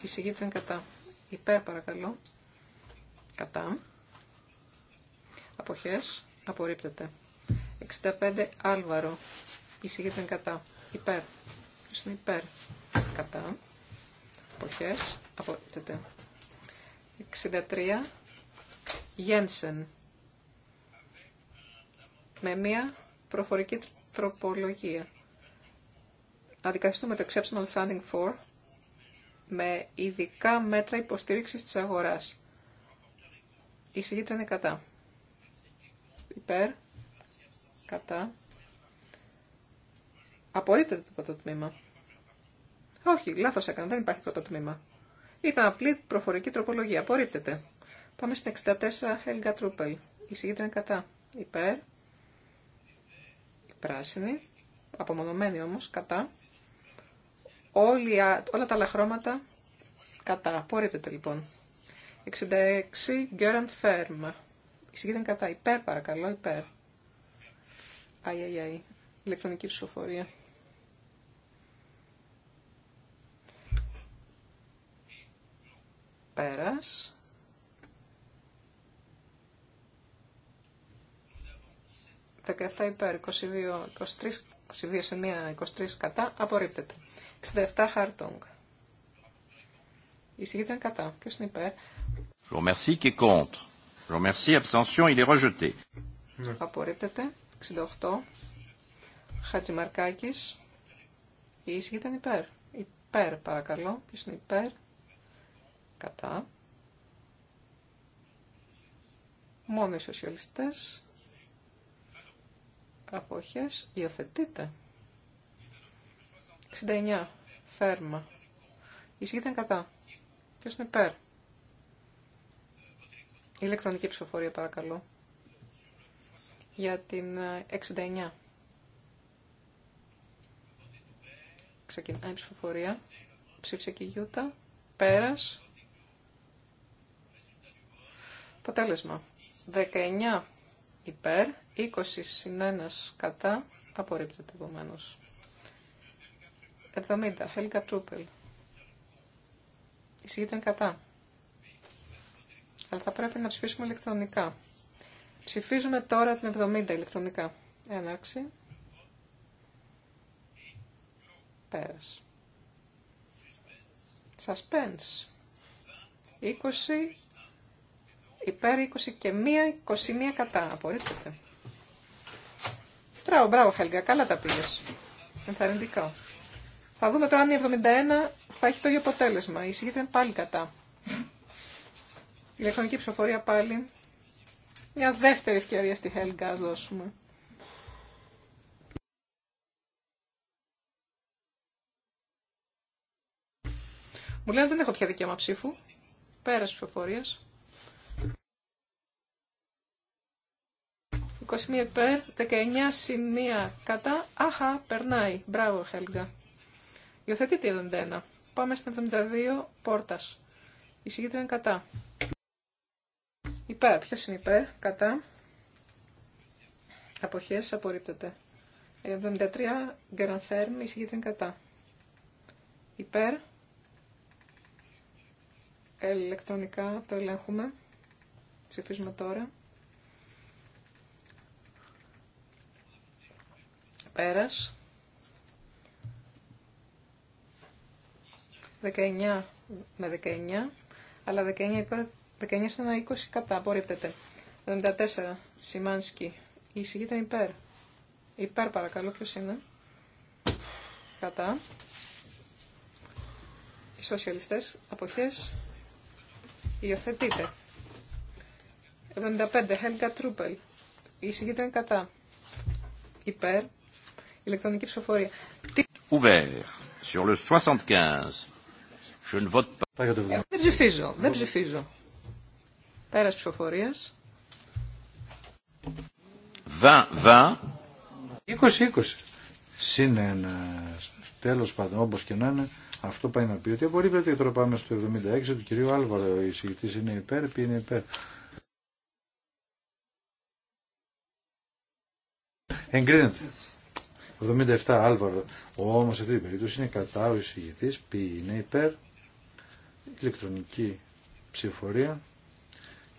Η εισηγήτρια κατά. Υπέρ παρακαλώ. Κατά. Αποχές απορρίπτεται. 65 άλβαρο. Η εισηγήτρια κατά. Υπέρ. Ποιος είναι υπέρ. Κατά. Αποχές απορρίπτεται. 63 Γένσεν με μία προφορική τροπολογία. Αντικαθιστούμε το Exceptional Funding for με ειδικά μέτρα υποστήριξης της αγοράς. Η συγκίτρια είναι κατά. Υπέρ. Κατά. Απορρίπτεται το πρώτο τμήμα. Όχι, λάθος έκανα, δεν υπάρχει πρώτο τμήμα. Ήταν απλή προφορική τροπολογία. Απορρίπτεται. Πάμε στην 64 Helga Truppel. Η συγκίτρια είναι κατά. Υπέρ πράσινη, απομονωμένη όμως, κατά. όλα τα άλλα χρώματα κατά. Απορρίπτεται λοιπόν. 66 Γκέραντ Φέρμα. Η κατά. Υπέρ παρακαλώ, υπέρ. Αϊ, αϊ, αϊ. Ηλεκτρονική ψηφοφορία. Πέρας. 17 υπέρ, 22, 23, 22 σε 1, 23 κατά, απορρίπτεται. 67 Χαρτόγκ. Η συγκίτρια είναι κατά. Ποιος είναι υπέρ. Je Απορρίπτεται. 68. Χατζημαρκάκης. Η ίση ήταν υπέρ. Υπέρ, παρακαλώ. Ποιος είναι υπέρ. Κατά. Μόνο οι σοσιαλιστές αποχές υιοθετείται. 69. Φέρμα. Ισχύει κατά. Ποιος είναι υπέρ. Ηλεκτρονική ψηφοφορία παρακαλώ. Για την 69. Ε, Ξεκινάει η ψηφοφορία. Ψήφισε και η Γιούτα. Πέρας. Αποτέλεσμα. 19 υπέρ, 20 συν 1 κατά, απορρίπτεται επομένω. 70. Χέλικα Τρούπελ. Εισηγείται κατά. Αλλά θα πρέπει να ψηφίσουμε ηλεκτρονικά. Ψηφίζουμε τώρα την 70 ηλεκτρονικά. Έναρξη. Πέρας. Suspense. 20 υπέρ 20 και 1, 21 κατά. Απορρίπτεται. Μπράβο, μπράβο Χέλγκα. καλά τα πήγε. Ενθαρρυντικά. Θα δούμε τώρα αν η 71 θα έχει το ίδιο αποτέλεσμα. Η συγκέντρια είναι πάλι κατά. Ηλεκτρονική ψηφοφορία πάλι. Μια δεύτερη ευκαιρία στη Χέλγκα ας δώσουμε. Μου λένε δεν έχω πια δικαίωμα ψήφου. Πέρας ψηφοφορίας. 21 υπέρ, 19 σημεία κατά. Αχα, περνάει. Μπράβο, Χέλγκα. Υιοθετείτε 71. Πάμε στην 72 πόρτα Η συγκέντρια είναι κατά. Υπέρ. ποιο είναι υπέρ, κατά. Αποχέ, απορρίπτεται. 73 γκερανθέρμ, η συγκέντρια είναι κατά. Υπέρ. Ελεκτρονικά το ελέγχουμε. Ψηφίζουμε τώρα. Πέρας. 19 με 19, αλλά 19 υπέρα, 19 σαν 20 κατά, απορρίπτεται. 74, Σιμάνσκι, η ήταν υπέρ. Υπέρ παρακαλώ, ποιος είναι. Κατά. Οι σοσιαλιστές, αποχές, υιοθετείτε. 75, Helga Τρούπελ, η είναι κατά. Υπέρ, ηλεκτρονική ψηφοφορία. Ouvert. Sur le 75. Je ne vote pas. Ε, δεν ψηφίζω. Δεν ψηφιζω περα Πέρα ψηφοφορίας. 20-20. 20-20. Συν ένα. τέλο πάντων, όπω και να είναι, αυτό πάει να πει ότι απορρίπτεται. Τώρα πάμε στο 76 του κυρίου Άλβαρο. Ο εισηγητή είναι υπέρ, ποιοι είναι υπέρ. Εγκρίνεται. 77 Άλβαρο. Όμω σε αυτή την περίπτωση είναι κατά ο εισηγητή, ποιοι είναι υπέρ, ηλεκτρονική ψηφορία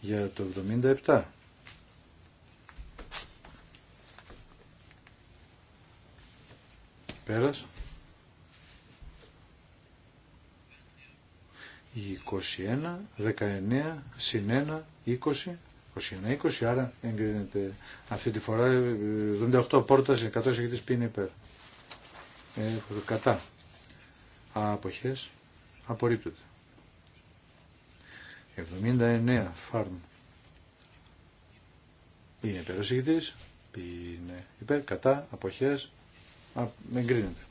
για το 77. Πέρας. 21, 19, συν 1, 20, 21-20, άρα εγκρίνεται αυτή τη φορά 78 πόρτα, 100 ηγητής είναι υπέρ. Ε, κατά. Αποχές απορρίπτεται. 79 φάρμ. Είναι υπέρ ο ηγητής, είναι υπέρ, κατά, αποχές, α, εγκρίνεται.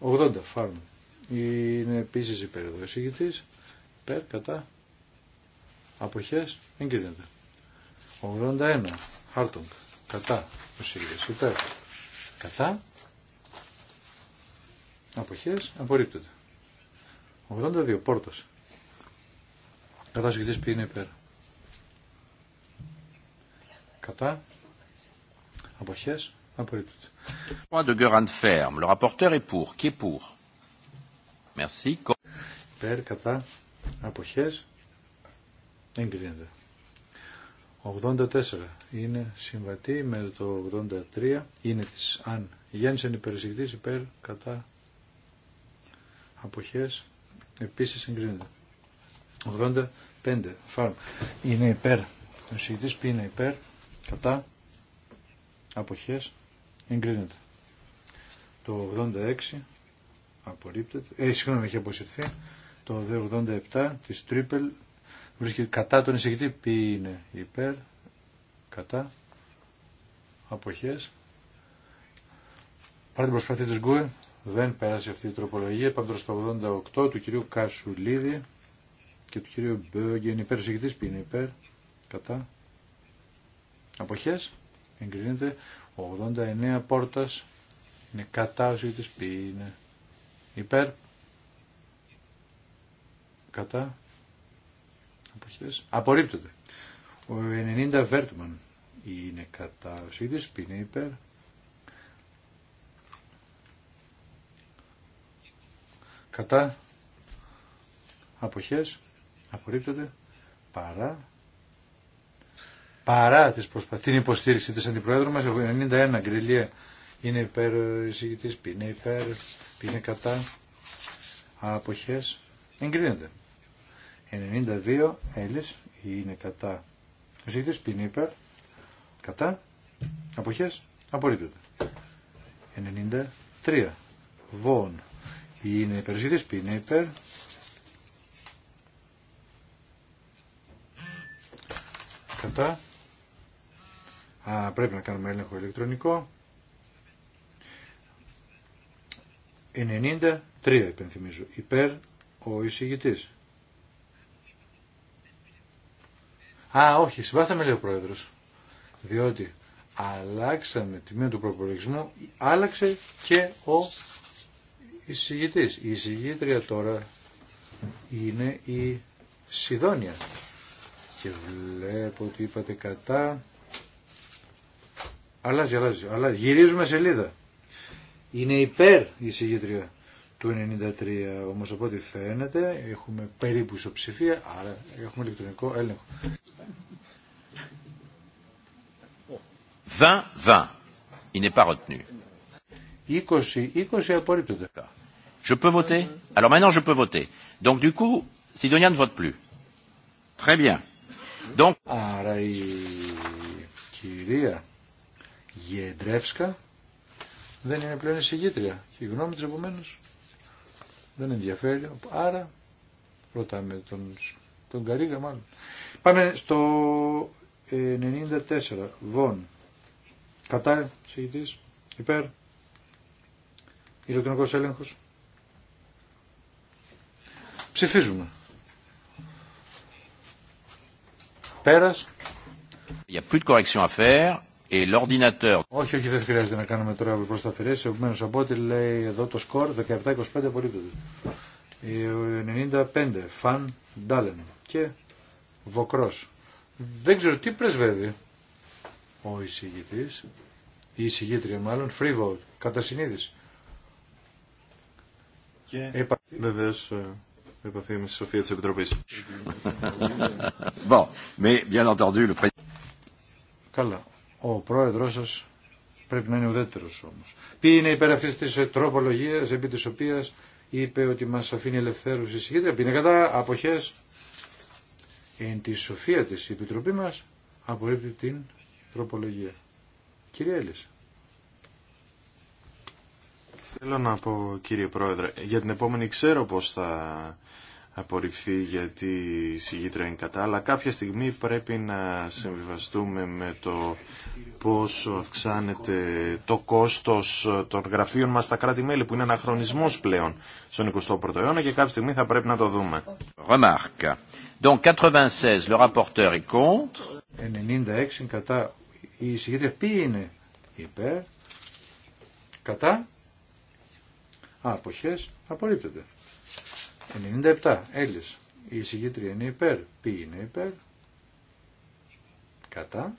80 φάρμ. Είναι επίσης υπέρ ο υπέρ, κατά, αποχές, εγκρίνεται. 81. Χάρτονγκ. Κατά. Προσήγηση. Υπέρ. Κατά. Αποχές. Απορρίπτεται. 82. Πόρτος. Κατά σου ποιοι είναι υπέρ. Κατά. Αποχές. Απορρίπτεται. Point de Ferme. Le rapporteur est pour. Qui est pour Merci. Υπέρ. Κατά. Αποχές. Εγκρίνεται. 84 είναι συμβατή με το 83 είναι της αν γέννησεν υπερησυχτής υπέρ κατά αποχές επίσης συγκρίνεται 85 φάρμ είναι υπέρ ο συγκριτής πει είναι υπέρ κατά αποχές εγκρίνεται το 86 απορρίπτεται ε, συγγνώμη έχει αποσυρθεί το 87 της Triple βρίσκεται κατά τον εισηγητή. Ποιοι είναι υπέρ, κατά, αποχές. Παρά την προσπάθεια της Γκουε, δεν πέρασε αυτή η τροπολογία. τώρα στο 88 του κυρίου Κασουλίδη και του κυρίου Μπέγγεν υπέρ, ο εισηγητής ποιοι είναι υπέρ, κατά, αποχές. Εγκρίνεται 89 πόρτας, είναι κατά ο εισηγητής ποιοι είναι υπέρ, κατά, Αποχές. απορρίπτονται Ο 90 Βέρτμαν είναι κατά ο Σίδης, υπέρ. Κατά αποχές απορρίπτονται παρά παρά τις προσπα... την υποστήριξη της αντιπροέδρου μας, 91 γκριλίε είναι υπέρ εισηγητής, είναι υπέρ, είναι κατά αποχές, εγκρίνεται. 92 Έλλης είναι κατά. Ο συγκεκριτής ποιν υπέρ. Κατά. Αποχές. Απορρίπτεται. 93 Βόν είναι υπέρ. Ο συγκεκριτής ποιν υπέρ. Κατά. Α, πρέπει να κάνουμε έλεγχο ηλεκτρονικό. 93 υπενθυμίζω. Υπέρ ο εισηγητής. Α, όχι, συμπάθαμε λέει ο Πρόεδρος. Διότι αλλάξαμε τη μία του προπολογισμού, άλλαξε και ο εισηγητής. Η εισηγήτρια τώρα είναι η Σιδόνια. Και βλέπω ότι είπατε κατά. Αλλάζει, αλλάζει, αλλάζει. Γυρίζουμε σελίδα. Είναι υπέρ η εισηγήτρια του 93. Όμως από ό,τι φαίνεται έχουμε περίπου ισοψηφία, άρα έχουμε ηλεκτρονικό έλεγχο. Δα, δα. Είναι παροτνού. 20, 20 απορρίπτονται. Je peux voter Alors maintenant je peux voter. Donc du coup, Sidonia ne vote plus. Très bien. Donc... Άρα η κυρία Γεντρεύσκα δεν είναι πλέον εισηγήτρια. Και η γνώμη της επομένως δεν ενδιαφέρει. Άρα ρωτάμε τον, τον Καρίγα μάλλον. Πάμε στο 94. Βον. Κατά συγητής. Υπέρ. Ηλεκτρονικός έλεγχος. Ψηφίζουμε. Πέρας. Il n'y a plus de correction à faire. Όχι, όχι, δεν χρειάζεται να κάνουμε τώρα προ τα αφαιρέσει. Επομένω, από ό,τι λέει εδώ το σκορ 17-25 απορρίπτεται. 95, ε, Φαν Ντάλεν και Βοκρό. Δεν ξέρω τι πρεσβεύει ο εισηγητή, η εισηγήτρια μάλλον, free vote, κατά συνείδηση. Και... Επα... Βεβαίω, ε, επαφή με τη σοφία τη Επιτροπή. bon, mais bien entendu, le Καλά. Ο πρόεδρός σας πρέπει να είναι ουδέτερος όμως. Ποιοι είναι υπέρ αυτή τη Τροπολογία επί της οποία είπε ότι μας αφήνει ελευθέρους η συγκέντρια. Ποιοι είναι κατά αποχές. Εν τη σοφία της η Επιτροπή μας απορρίπτει την τροπολογία. Κύριε Έλλη. Θέλω να πω κύριε Πρόεδρε, για την επόμενη ξέρω πώς θα απορριφθεί γιατί η συγγήτρια είναι κατά, αλλά κάποια στιγμή πρέπει να συμβιβαστούμε με το πόσο αυξάνεται το κόστος των γραφείων μας στα κράτη-μέλη, που είναι αναχρονισμός πλέον στον 21ο αιώνα και κάποια στιγμή θα πρέπει να το δούμε. Remarque. Donc 96, le rapporteur est contre. 96 κατά. Η συγγήτρια ποιοι είναι υπέρ, κατά, αποχές, απορρίπτεται. 97. Έλλης. Η εισηγήτρια είναι υπέρ. Ποιοι είναι υπέρ. Κατά.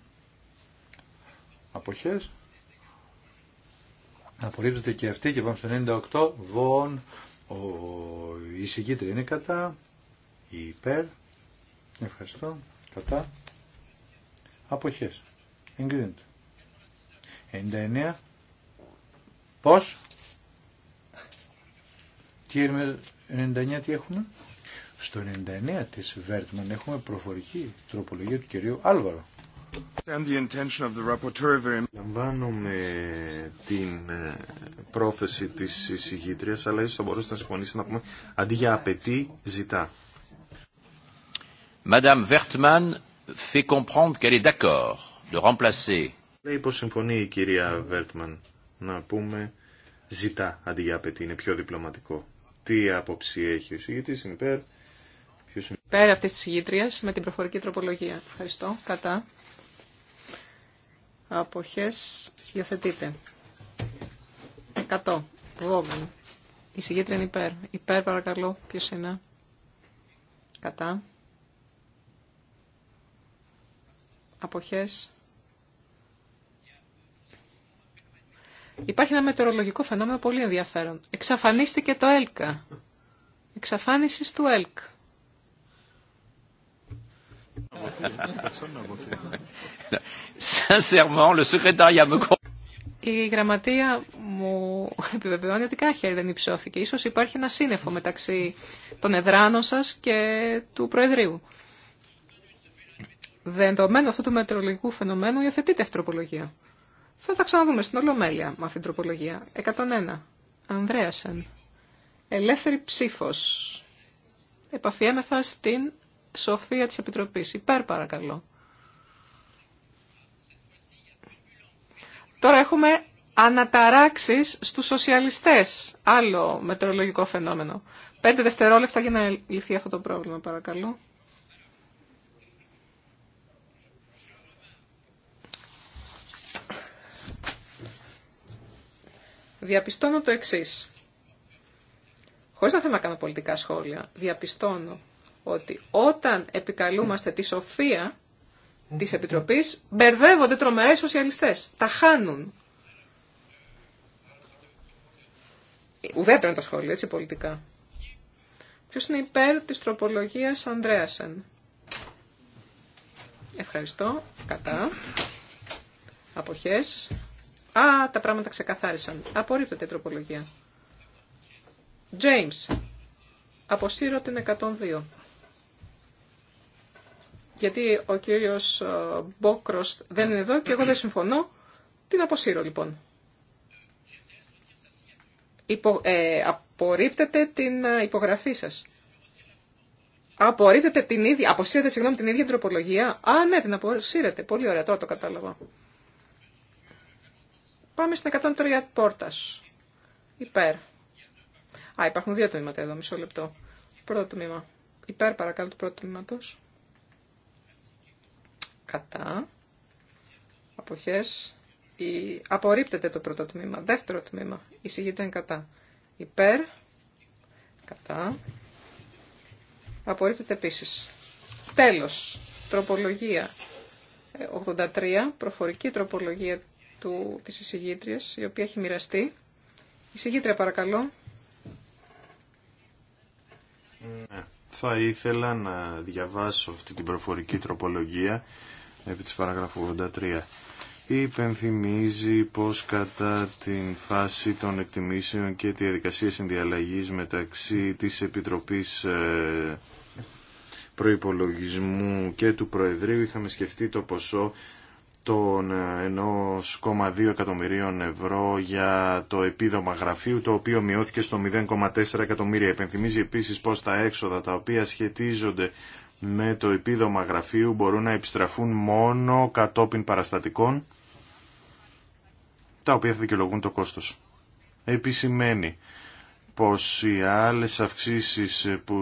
Αποχές. Απορρίπτεται και αυτή και πάμε στο 98. Βον. Ο, η εισηγήτρια είναι κατά. Η υπέρ. Ευχαριστώ. Κατά. Αποχές. Εγκρίνεται. 99. Πώς. Τι 99 τι έχουμε. Στο 99 της Βέρτμαν έχουμε προφορική τροπολογία του κυρίου Άλβαρο. Λαμβάνουμε την ε, πρόθεση της εισηγήτριας, αλλά ίσως θα μπορούσε να συμφωνήσει να πούμε αντί για απαιτεί, ζητά. Madame Βέρτμαν fait comprendre qu'elle est d'accord de remplacer. Λέει πως συμφωνεί η κυρία Βέρτμαν να πούμε ζητά αντί για απαιτεί, είναι πιο διπλωματικό. Τι άποψη έχει ο συγγητής, είναι υπέρ. Ποιος... Πέρα αυτής της συγγήτριας με την προφορική τροπολογία. Ευχαριστώ. Κατά. Αποχές υιοθετείτε. Εκατό. Βόγκεν. Η συγγήτρια είναι υπέρ. Υπέρ παρακαλώ. Ποιο είναι. Κατά. Αποχές Υπάρχει ένα μετεωρολογικό φαινόμενο πολύ ενδιαφέρον. Εξαφανίστηκε το ΕΛΚΑ. Εξαφάνιση του ΕΛΚ. Η γραμματεία μου επιβεβαιώνει ότι κάθε δεν υψώθηκε. Ίσως υπάρχει ένα σύννεφο μεταξύ των εδράνων σας και του Προεδρείου. Δεδομένου αυτού του μετρολογικού φαινομένου υιοθετείται ευτροπολογία. Θα τα ξαναδούμε στην Ολομέλεια με αυτήν την τροπολογία. 101. Ανδρέασεν. Ελεύθερη ψήφος. Επαφιέμεθα στην σοφία της Επιτροπής. Υπέρ παρακαλώ. Τώρα έχουμε αναταράξεις στους σοσιαλιστές. Άλλο μετρολογικό φαινόμενο. Πέντε δευτερόλεπτα για να λυθεί αυτό το πρόβλημα παρακαλώ. διαπιστώνω το εξή. Χωρίς να θέλω να κάνω πολιτικά σχόλια, διαπιστώνω ότι όταν επικαλούμαστε τη σοφία της Επιτροπής, μπερδεύονται τρομερές σοσιαλιστές. Τα χάνουν. Ουδέτερο είναι το σχόλιο, έτσι, πολιτικά. Ποιο είναι υπέρ της τροπολογίας Ανδρέασεν. Ευχαριστώ. Κατά. Αποχές. Α, τα πράγματα ξεκαθάρισαν. Απορρίπτεται η τροπολογία. James. Αποσύρω την 102. Γιατί ο κύριος ε, Μπόκρος δεν είναι εδώ και εγώ δεν συμφωνώ. Την αποσύρω λοιπόν. Υπο, ε, απορρίπτεται την ε, υπογραφή σας. Απορρίπτεται την ίδια, αποσύρετε συγγνώμη την ίδια τροπολογία. Α, ναι, την αποσύρετε. Πολύ ωραία, τώρα το κατάλαβα. Πάμε στην 103 πόρτα. Υπέρ. Α, υπάρχουν δύο τμήματα εδώ, μισό λεπτό. Πρώτο τμήμα. Υπέρα παρακάτω πρώτα τμήματο. Κατά. Αποφέ. Απορύπτεται το πρώτο τμήμα. Δεύτερο τμήμα. Ησίγη κατά. Υπέρ. Α, υπάρχουν δύο τμήματα εδώ, μισό λεπτό. Πρώτο τμήμα. Υπέρ παρακαλώ του πρώτου τμήματο. Κατά. Αποχές. Η... Απορρίπτεται το πρώτο τμήμα. Δεύτερο τμήμα. Εισηγείται εν κατά. Υπέρ. Κατά. Απορρίπτεται επίσης. Τέλος. Τροπολογία 83. Ε, Προφορική τροπολογία του, της εισηγήτριας, η οποία έχει μοιραστεί. Εισηγήτρια, παρακαλώ. Ναι. Θα ήθελα να διαβάσω αυτή την προφορική τροπολογία επί της παραγράφου 83 υπενθυμίζει πως κατά την φάση των εκτιμήσεων και τη διαδικασία συνδιαλλαγής μεταξύ της Επιτροπής ε, Προϋπολογισμού και του Προεδρείου είχαμε σκεφτεί το ποσό των 1,2 ε, εκατομμυρίων ευρώ για το επίδομα γραφείου, το οποίο μειώθηκε στο 0,4 εκατομμύρια. Επενθυμίζει επίσης πως τα έξοδα τα οποία σχετίζονται με το επίδομα γραφείου μπορούν να επιστραφούν μόνο κατόπιν παραστατικών, τα οποία θα δικαιολογούν το κόστος. Επισημαίνει πως οι άλλες αυξήσεις ε, που,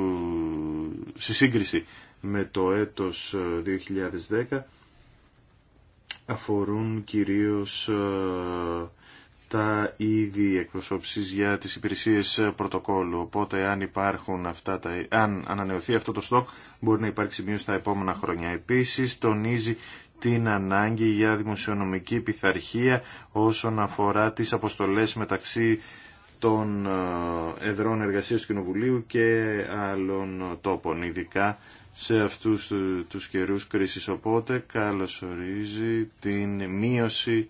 στη σύγκριση με το έτος 2010 ε, αφορούν κυρίως ε, τα είδη εκπροσώψεις για τις υπηρεσίες ε, πρωτοκόλλου. Οπότε αν υπάρχουν αυτά τα, αν ανανεωθεί αυτό το στόκ μπορεί να υπάρξει μείωση στα επόμενα χρόνια. Επίσης τονίζει την ανάγκη για δημοσιονομική πειθαρχία όσον αφορά τις αποστολές μεταξύ των ε, εδρών εργασίας του Κοινοβουλίου και άλλων τόπων, ειδικά σε αυτούς τους καιρούς κρίσης. Οπότε καλωσορίζει την μείωση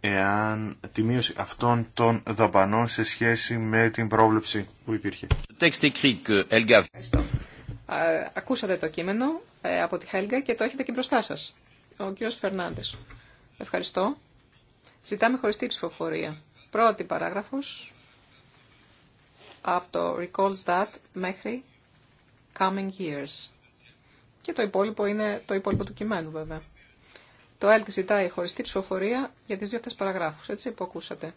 εάν τη μείωση αυτών των δαπανών σε σχέση με την πρόβλεψη που υπήρχε. Ακούσατε το κείμενο ε, από τη Χέλγα και το έχετε και μπροστά σας. Ο κύριος Φερνάντες. Ευχαριστώ. Ζητάμε χωριστή ψηφοφορία Πρώτη παράγραφος, από το recalls that μέχρι coming years. Και το υπόλοιπο είναι το υπόλοιπο του κειμένου βέβαια. Το ΕΛΚ ζητάει χωριστή ψηφοφορία για τις δύο αυτές παραγράφους, έτσι που ακούσατε.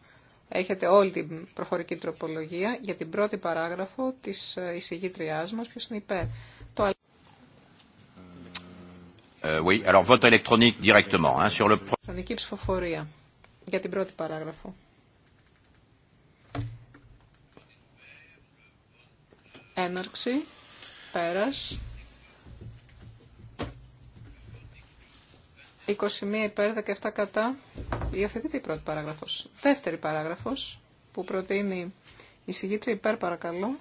Έχετε όλη την προφορική τροπολογία για την πρώτη παράγραφο της ε, εισηγήτριάς μας, ποιος είναι υπέρ. Το... Ε, oui, alors vote électronique directement, hein, sur le... ψηφοφορία για την πρώτη παράγραφο. έναρξη, πέρας, 21 υπέρ, 17 κατά, υιοθετείται η πρώτη παράγραφος. Δεύτερη παράγραφος που προτείνει η συγκήτρια υπέρ παρακαλώ,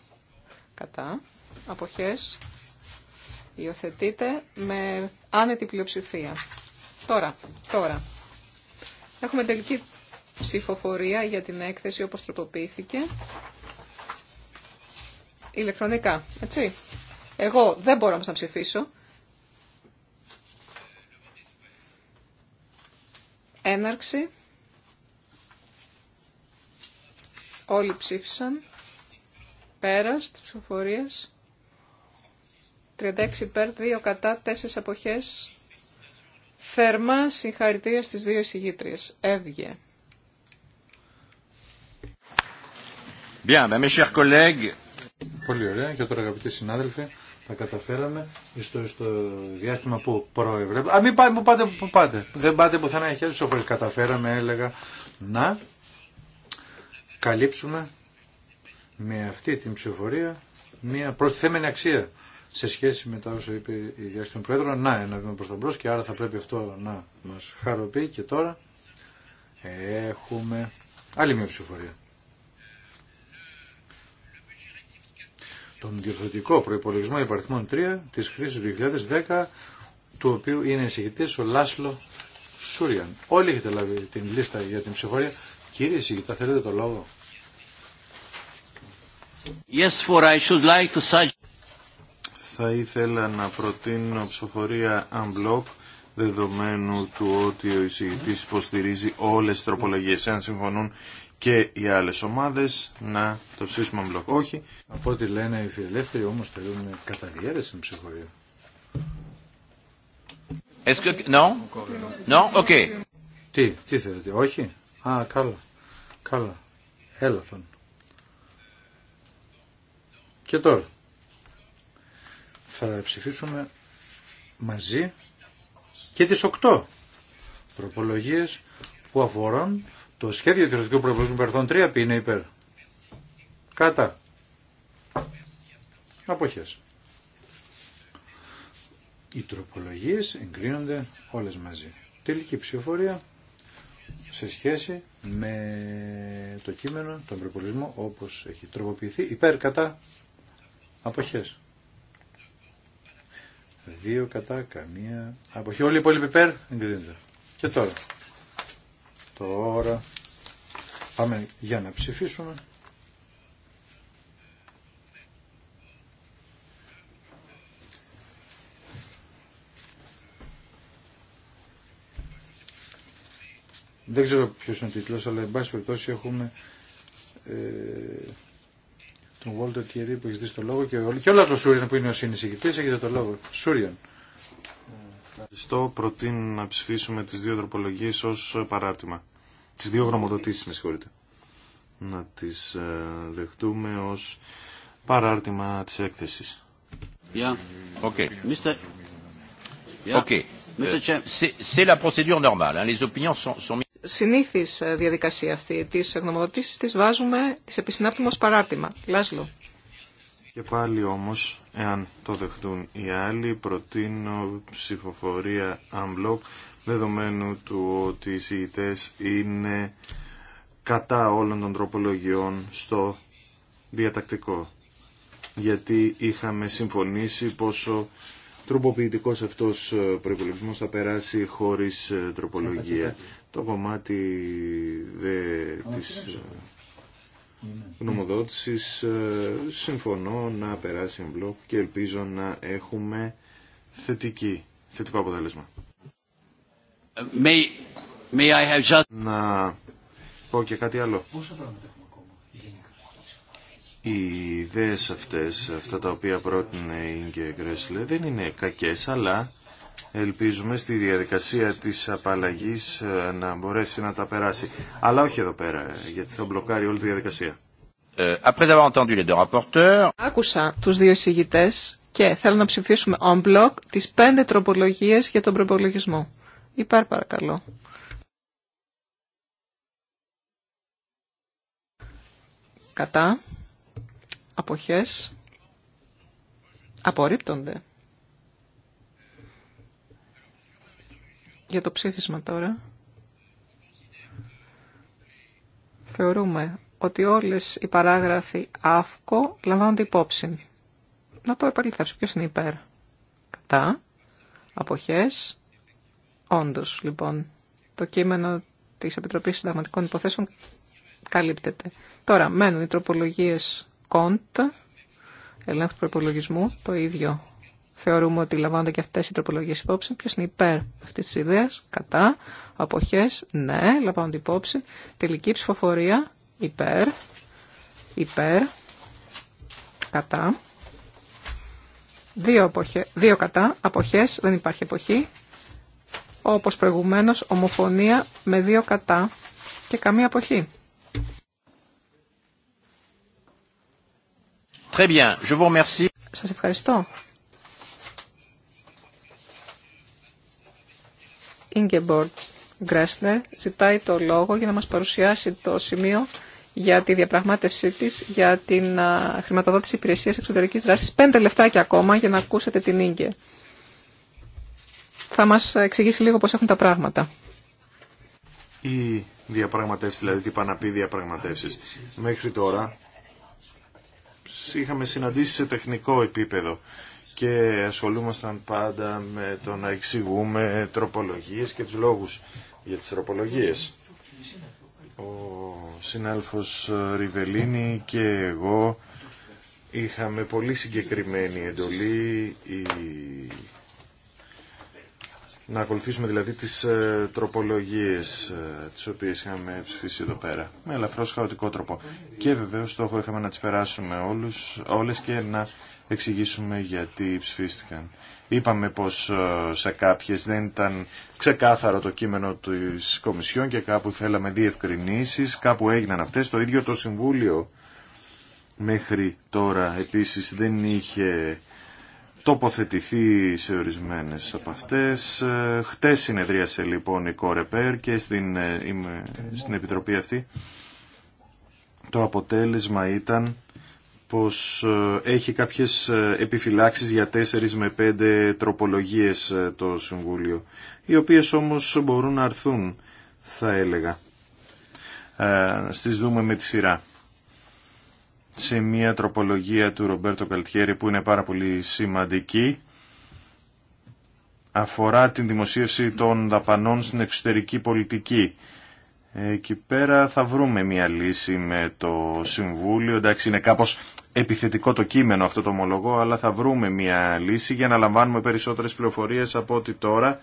κατά, αποχές, υιοθετείται με άνετη πλειοψηφία. Τώρα, τώρα, έχουμε τελική ψηφοφορία για την έκθεση όπως τροποποιήθηκε ηλεκτρονικά, έτσι. Εγώ δεν μπορώ να ψηφίσω. Έναρξη. Όλοι ψήφισαν. Πέρας τις ψηφοφορίες 36 υπέρ, 2 κατά, 4 αποχές. Θερμά συγχαρητήρια στις δύο εισηγήτριες. Έβγε. Bien, ben mes chers collègues, Πολύ ωραία. Και τώρα αγαπητοί συνάδελφοι, τα καταφέραμε στο, στο διάστημα που προεβλέπω. Α, μην πάτε που πάτε που πάτε. Δεν πάτε πουθενά χέρι όπως καταφέραμε έλεγα να καλύψουμε με αυτή την ψηφορία μια προστιθέμενη αξία σε σχέση με τα όσα είπε η διάστημα πρόεδρο. Να, ένα βήμα προς τον μπρος και άρα θα πρέπει αυτό να μας χαροποιεί και τώρα έχουμε άλλη μια ψηφορία. τον διορθωτικό προπολογισμό υπαριθμών 3 της χρήσης του 2010 του οποίου είναι εισηγητής ο Λάσλο Σούριαν. Όλοι έχετε λάβει την λίστα για την ψηφορία. Κύριε εισηγητά θέλετε το λόγο. Yes, for I should like to... Θα ήθελα να προτείνω ψηφοφορία unblock δεδομένου του ότι ο εισηγητής υποστηρίζει όλες τις τροπολογίες. Αν συμφωνούν και οι άλλες ομάδες να το ψήσουμε μπλοκ. Όχι. Από ό,τι λένε οι φιλελεύθεροι όμως θέλουν κατά διαίρεση ψηφορία. Τι, τι θέλετε, όχι. Α, καλά. Καλά. Έλα Και τώρα. Θα ψηφίσουμε μαζί και τις οκτώ προπολογίες που αφορούν το σχέδιο διορθωτικού προβλήσμου περθών 3 πει είναι υπέρ. Κάτα. Αποχές. Οι τροπολογίες εγκρίνονται όλες μαζί. Τελική ψηφοφορία σε σχέση με το κείμενο, τον προπολισμό όπως έχει τροποποιηθεί υπέρ κατά αποχές. Δύο κατά καμία αποχή. Όλοι οι υπόλοιποι υπέρ εγκρίνονται. Και τώρα Τώρα πάμε για να ψηφίσουμε. Δεν ξέρω ποιος είναι ο τίτλος, αλλά εν πάση περιπτώσει έχουμε ε, τον Βόλτερ Τιερή που έχει δει στο λόγο και, ό, και όλα το Σούριαν που είναι ο συνεισηγητής έχετε το σουρίον που ειναι Σούριαν. το λογο Σουρίον. Προτείνω να ψηφίσουμε τις δύο τροπολογίες ως παράρτημα τις δύο γνωμοδοτήσεις, με συγχωρείτε, να τις ε, δεχτούμε ως παράρτημα της έκθεσης. Bien. Ε, c'est la procédure normale. Les opinions sont, Συνήθις ε, διαδικασία αυτή της γνωμοδοτήσεις τις βάζουμε, τις επισυνάπτουμε ως παράρτημα. Λάσλο. Και πάλι όμως, εάν το δεχτούν οι άλλοι, προτείνω ψηφοφορία unblock δεδομένου του ότι οι συγητές είναι κατά όλων των τροπολογιών στο διατακτικό. Γιατί είχαμε συμφωνήσει πόσο τροποποιητικός αυτός ε, προϋπολογισμός θα περάσει χωρίς ε, τροπολογία. Το κομμάτι δε, της ε, γνωμοδότησης συμφωνώ να περάσει εμπλοκ και ελπίζω να έχουμε θετική, θετικό αποτέλεσμα. Να πω και κάτι άλλο. Οι ιδέε αυτές, αυτά τα οποία πρότεινε η Ινγκε Γκρέσλε, δεν είναι κακές, αλλά ελπίζουμε στη διαδικασία της απαλλαγής ε, να μπορέσει να τα περάσει. Αλλά όχι εδώ πέρα, γιατί θα μπλοκάρει όλη τη διαδικασία. Ε, Άκουσα τους δύο εισηγητές και θέλω να ψηφίσουμε on block τις πέντε τροπολογίες για τον προπολογισμό. Υπέρ παρακαλώ. Κατά. Αποχές. Απορρίπτονται. Για το ψήφισμα τώρα. Θεωρούμε ότι όλες οι παράγραφοι αύκο λαμβάνονται υπόψη. Να το επαληθεύσω. Ποιος είναι υπέρ. Κατά. Αποχές. Όντω, λοιπόν, το κείμενο της Επιτροπή Συνταγματικών Υποθέσεων καλύπτεται. Τώρα, μένουν οι τροπολογίε κοντ, ελέγχου του προπολογισμού, το ίδιο θεωρούμε ότι λαμβάνονται και αυτές οι τροπολογίε υπόψη. Ποιο είναι υπέρ αυτή τη ιδέα, κατά, αποχέ, ναι, λαμβάνονται υπόψη. κατά, αποχέ, ναι, λαμβάνονται υπόψη. Τελική ψηφοφορία, υπέρ, υπέρ, κατά. Δύο, δύο κατά, αποχές, δεν υπάρχει εποχή όπως προηγουμένως ομοφωνία με δύο κατά και καμία αποχή. Très bien. Je Σας ευχαριστώ. Ingeborg Gressler ζητάει το λόγο για να μας παρουσιάσει το σημείο για τη διαπραγμάτευσή της για την χρηματοδότηση υπηρεσίας εξωτερικής δράσης. Πέντε λεφτάκια ακόμα για να ακούσετε την Ίγκε θα μας εξηγήσει λίγο πώς έχουν τα πράγματα. Οι διαπραγματεύσεις, δηλαδή τι πάνε να πει διαπραγματεύσεις. Μέχρι τώρα είχαμε συναντήσει σε τεχνικό επίπεδο και ασχολούμασταν πάντα με το να εξηγούμε τροπολογίες και τους λόγους για τις τροπολογίες. Ο συνάλφος Ριβελίνη και εγώ είχαμε πολύ συγκεκριμένη εντολή. Η να ακολουθήσουμε δηλαδή τις ε, τροπολογίες ε, τις οποίες είχαμε ψηφίσει εδώ πέρα. Με ελαφρώς χαοτικό τρόπο. Και βεβαίως στόχο είχαμε να τις περάσουμε όλους, όλες και να εξηγήσουμε γιατί ψηφίστηκαν. Είπαμε πως ε, σε κάποιες δεν ήταν ξεκάθαρο το κείμενο της Κομισιόν και κάπου θέλαμε διευκρινήσεις, κάπου έγιναν αυτές. Το ίδιο το Συμβούλιο μέχρι τώρα επίσης δεν είχε τοποθετηθεί σε ορισμένες από αυτές. Ε, χτες συνεδρίασε λοιπόν η Κορεπέρ και ε, στην, Επιτροπή αυτή το αποτέλεσμα ήταν πως ε, έχει κάποιες επιφυλάξεις για 4 με πέντε τροπολογίες το Συμβούλιο, οι οποίες όμως μπορούν να αρθούν, θα έλεγα. Ε, στις δούμε με τη σειρά σε μια τροπολογία του Ρομπέρτο Καλτιέρη που είναι πάρα πολύ σημαντική αφορά την δημοσίευση των δαπανών στην εξωτερική πολιτική. Εκεί πέρα θα βρούμε μια λύση με το Συμβούλιο. Εντάξει, είναι κάπως επιθετικό το κείμενο αυτό το ομολογώ, αλλά θα βρούμε μια λύση για να λαμβάνουμε περισσότερες πληροφορίες από ό,τι τώρα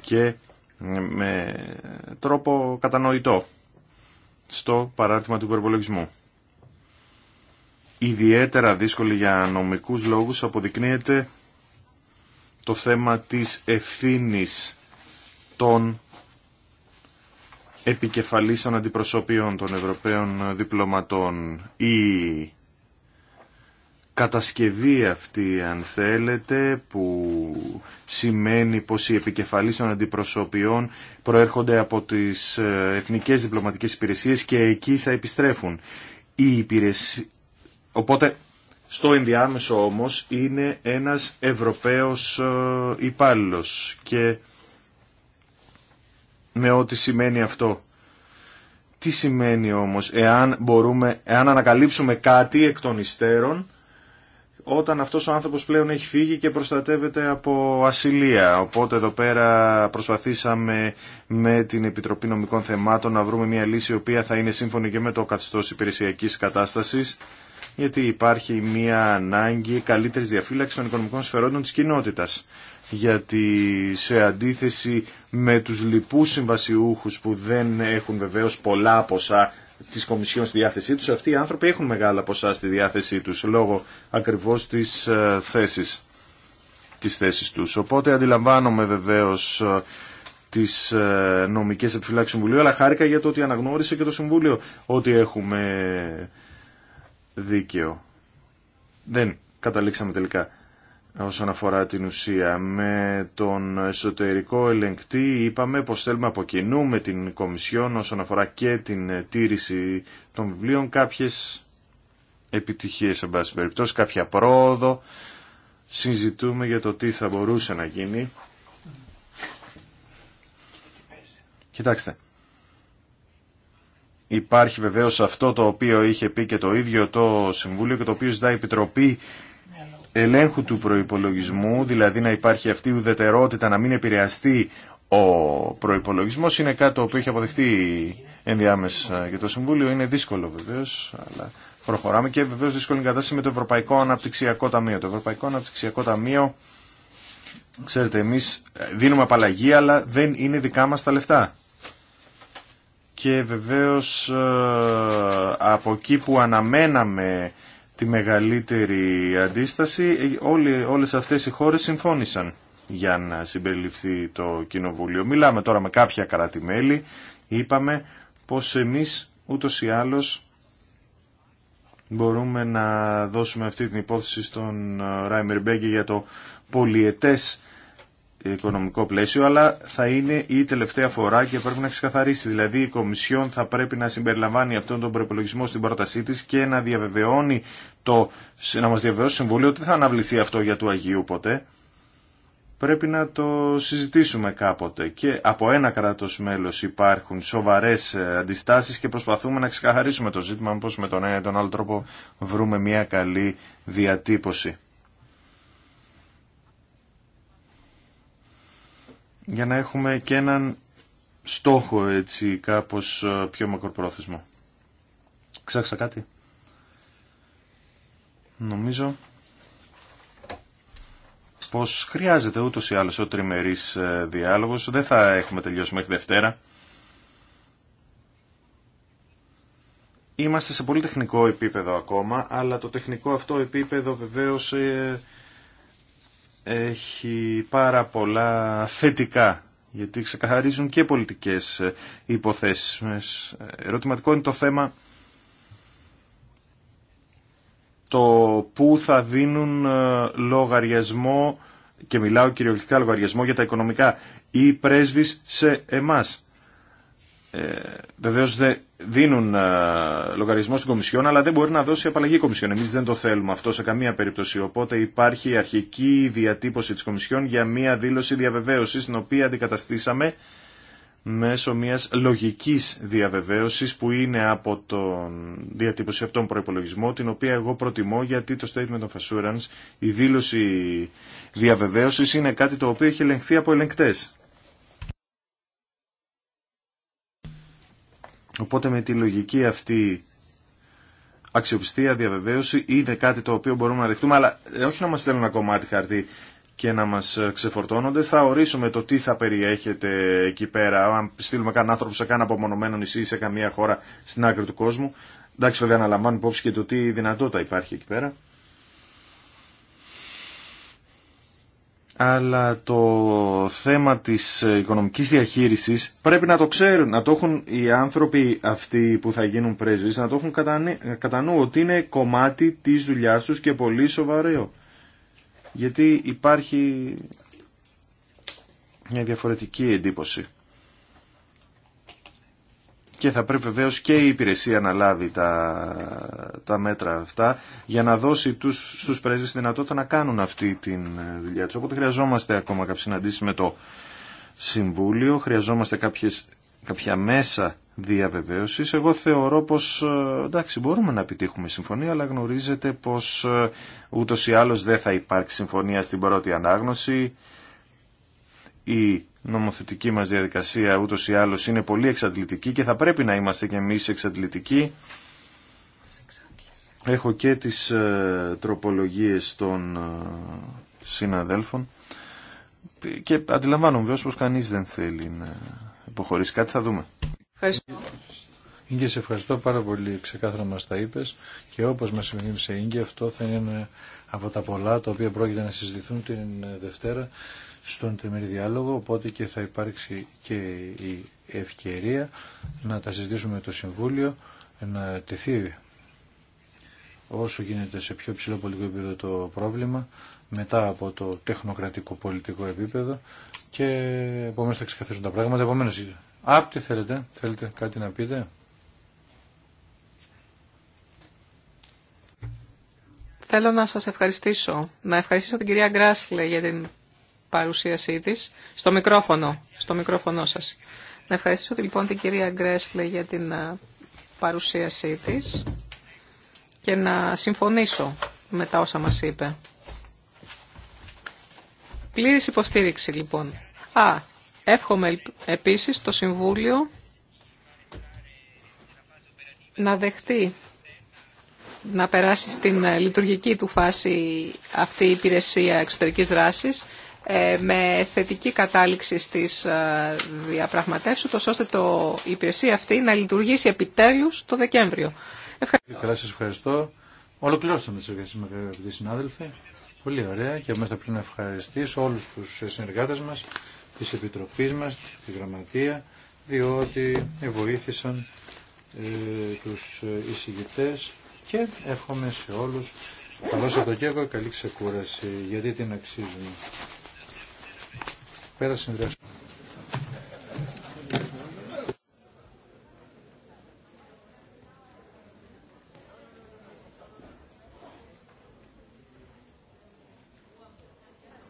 και με τρόπο κατανοητό στο παράρτημα του υπερπολογισμού ιδιαίτερα δύσκολη για νομικούς λόγους αποδεικνύεται το θέμα της ευθύνης των επικεφαλής των αντιπροσωπείων των Ευρωπαίων διπλωματών. Η κατασκευή αυτή, αν θέλετε, που σημαίνει πως οι επικεφαλής των αντιπροσωπείων προέρχονται από τις ε, εθνικές διπλωματικές υπηρεσίες και εκεί θα επιστρέφουν. Οι υπηρεσία, Οπότε στο ενδιάμεσο όμως είναι ένας Ευρωπαίος ε, υπάλληλο και με ό,τι σημαίνει αυτό. Τι σημαίνει όμως εάν, μπορούμε, εάν ανακαλύψουμε κάτι εκ των υστέρων όταν αυτός ο άνθρωπος πλέον έχει φύγει και προστατεύεται από ασυλία. Οπότε εδώ πέρα προσπαθήσαμε με την Επιτροπή Νομικών Θεμάτων να βρούμε μια λύση η οποία θα είναι σύμφωνη και με το καθεστώς υπηρεσιακής κατάστασης γιατί υπάρχει μια ανάγκη καλύτερης διαφύλαξης των οικονομικών σφαιρών της κοινότητας. Γιατί σε αντίθεση με τους λοιπούς συμβασιούχους που δεν έχουν βεβαίως πολλά ποσά της Κομισιόν στη διάθεσή τους, αυτοί οι άνθρωποι έχουν μεγάλα ποσά στη διάθεσή τους λόγω ακριβώς της ε, θέσης, της θέσης τους. Οπότε αντιλαμβάνομαι βεβαίως ε, τι ε, νομικέ επιφυλάξει του Συμβουλίου, αλλά χάρηκα για το ότι αναγνώρισε και το Συμβούλιο ότι έχουμε δίκαιο. Δεν καταλήξαμε τελικά όσον αφορά την ουσία. Με τον εσωτερικό ελεγκτή είπαμε πως θέλουμε από κοινού με την Κομισιόν όσον αφορά και την τήρηση των βιβλίων κάποιες επιτυχίες, σε πάση περιπτώσει, κάποια πρόοδο. Συζητούμε για το τι θα μπορούσε να γίνει. Κοιτάξτε, Υπάρχει βεβαίως αυτό το οποίο είχε πει και το ίδιο το Συμβούλιο και το οποίο ζητάει η Επιτροπή ελέγχου του προϋπολογισμού, δηλαδή να υπάρχει αυτή η ουδετερότητα, να μην επηρεαστεί ο προϋπολογισμός, είναι κάτι το οποίο έχει αποδεχτεί ενδιάμεσα και το Συμβούλιο. Είναι δύσκολο βεβαίως, αλλά προχωράμε και βεβαίως δύσκολη κατάσταση με το Ευρωπαϊκό Αναπτυξιακό Ταμείο. Το Ευρωπαϊκό Αναπτυξιακό Ταμείο, ξέρετε, εμεί δίνουμε απαλλαγή, αλλά δεν είναι δικά μας τα λεφτά και βεβαίως ε, από εκεί που αναμέναμε τη μεγαλύτερη αντίσταση ε, όλοι, όλες αυτές οι χώρες συμφώνησαν για να συμπεριληφθεί το Κοινοβούλιο. Μιλάμε τώρα με κάποια κρατημέλη, είπαμε πως εμείς ούτως ή άλλως μπορούμε να δώσουμε αυτή την υπόθεση στον ε, Ράιμερ Μπέγκε για το πολιετές οικονομικό πλαίσιο, αλλά θα είναι η τελευταία φορά και πρέπει να ξεκαθαρίσει. Δηλαδή η Κομισιόν θα πρέπει να συμπεριλαμβάνει αυτόν τον προπολογισμό στην πρότασή τη και να διαβεβαιώνει το, να μας διαβεβαιώσει το Συμβούλιο ότι δεν θα αναβληθεί αυτό για του Αγίου ποτέ. Πρέπει να το συζητήσουμε κάποτε και από ένα κράτο μέλο υπάρχουν σοβαρές ε, αντιστάσεις και προσπαθούμε να ξεκαθαρίσουμε το ζήτημα πώς με τον ένα ή τον άλλο τρόπο βρούμε μια καλή διατύπωση. για να έχουμε και έναν στόχο έτσι κάπως ε, πιο μακροπρόθεσμο. Ξέχασα κάτι. Νομίζω πως χρειάζεται ούτως ή άλλως ο τριμερής ε, διάλογος. Δεν θα έχουμε τελειώσει μέχρι Δευτέρα. Είμαστε σε πολύ τεχνικό επίπεδο ακόμα, αλλά το τεχνικό αυτό επίπεδο βεβαίως ε, έχει πάρα πολλά θετικά γιατί ξεκαθαρίζουν και πολιτικές υποθέσεις. Ερωτηματικό είναι το θέμα το που θα δίνουν ε, λογαριασμό και μιλάω κυριολεκτικά λογαριασμό για τα οικονομικά ή πρέσβεις σε εμάς. Ε, Βεβαίω δίνουν ε, λογαριασμό στην Κομισιόν, αλλά δεν μπορεί να δώσει απαλλαγή Κομισιόν. Εμεί δεν το θέλουμε αυτό σε καμία περίπτωση. Οπότε υπάρχει η αρχική διατύπωση τη Κομισιόν για μία δήλωση διαβεβαίωση, την οποία αντικαταστήσαμε μέσω μια λογική διαβεβαίωση που είναι από τον διατύπωση από τον προπολογισμό, την οποία εγώ προτιμώ γιατί το statement of assurance, η δήλωση διαβεβαίωση, είναι κάτι το οποίο έχει ελεγχθεί από ελεγκτέ. Οπότε με τη λογική αυτή αξιοπιστία, διαβεβαίωση είναι κάτι το οποίο μπορούμε να δεχτούμε, αλλά ε, όχι να μας στέλνουν ένα κομμάτι χαρτί και να μας ε, ξεφορτώνονται. Θα ορίσουμε το τι θα περιέχεται εκεί πέρα, αν στείλουμε κανέναν άνθρωπο σε κανένα απομονωμένο νησί ή σε καμία χώρα στην άκρη του κόσμου. Εντάξει βέβαια να λαμβάνουν υπόψη και το τι δυνατότητα υπάρχει εκεί πέρα. αλλά το θέμα της οικονομικής διαχείρισης πρέπει να το ξέρουν, να το έχουν οι άνθρωποι αυτοί που θα γίνουν πρέσβεις, να το έχουν κατά νου ότι είναι κομμάτι της δουλειάς τους και πολύ σοβαρό. Γιατί υπάρχει μια διαφορετική εντύπωση και θα πρέπει βεβαίω και η υπηρεσία να λάβει τα, τα μέτρα αυτά για να δώσει τους, στους πρέσβες τη δυνατότητα να κάνουν αυτή τη ε, δουλειά τους. Οπότε χρειαζόμαστε ακόμα κάποιες συναντήσεις με το Συμβούλιο, χρειαζόμαστε κάποιες, κάποια μέσα διαβεβαίωσης. Εγώ θεωρώ πως ε, εντάξει μπορούμε να επιτύχουμε συμφωνία αλλά γνωρίζετε πως ε, ούτως ή άλλως δεν θα υπάρξει συμφωνία στην πρώτη ανάγνωση. Η νομοθετική μας διαδικασία ούτως ή άλλως είναι πολύ εξαντλητική και θα πρέπει να είμαστε και εμείς εξαντλητικοί. Έχω και τις ε, τροπολογίες των ε, συναδέλφων και αντιλαμβάνομαι βέβαια πως κανείς δεν θέλει να υποχωρήσει. Κάτι θα δούμε. Ευχαριστώ. Ίγκε, σε ευχαριστώ πάρα πολύ. Ξεκάθαρα μας τα είπες και όπως μας σε Ίγκε αυτό θα είναι από τα πολλά τα οποία πρόκειται να συζητηθούν την ε, Δευτέρα στον τριμερή διάλογο, οπότε και θα υπάρξει και η ευκαιρία να τα συζητήσουμε με το Συμβούλιο, να τεθεί όσο γίνεται σε πιο ψηλό πολιτικό επίπεδο το πρόβλημα, μετά από το τεχνοκρατικό πολιτικό επίπεδο και επομένως θα ξεκαθαρίσουν τα πράγματα. Επομένως, απ' θέλετε, θέλετε κάτι να πείτε. Θέλω να σας ευχαριστήσω. Να ευχαριστήσω την κυρία Γκράσλε για την παρουσίασή της στο μικρόφωνο, στο μικρόφωνο σας. Να ευχαριστήσω λοιπόν την κυρία Γκρέσλε για την παρουσίασή της και να συμφωνήσω με τα όσα μας είπε. Πλήρης υποστήριξη λοιπόν. Α, εύχομαι επίσης το Συμβούλιο να δεχτεί να περάσει στην ε, λειτουργική του φάση αυτή η υπηρεσία εξωτερικής δράσης ε, με θετική κατάληξη στις ε, διαπραγματεύσεις, ώστε το, η υπηρεσία αυτή να λειτουργήσει επιτέλους το Δεκέμβριο. Ευχαριστώ. Καλά σας ευχαριστώ. Ολοκληρώσαμε τις εργασίες με αγαπητοί συνάδελφοι. Πολύ ωραία και μέσα πριν να ευχαριστήσω όλους τους συνεργάτες μας, της Επιτροπής μας, τη Γραμματεία, διότι βοήθησαν ε, τους εισηγητές και εύχομαι σε όλους καλό Σαββατοκύριακο, καλή ξεκούραση, γιατί την αξίζουν. Πέρα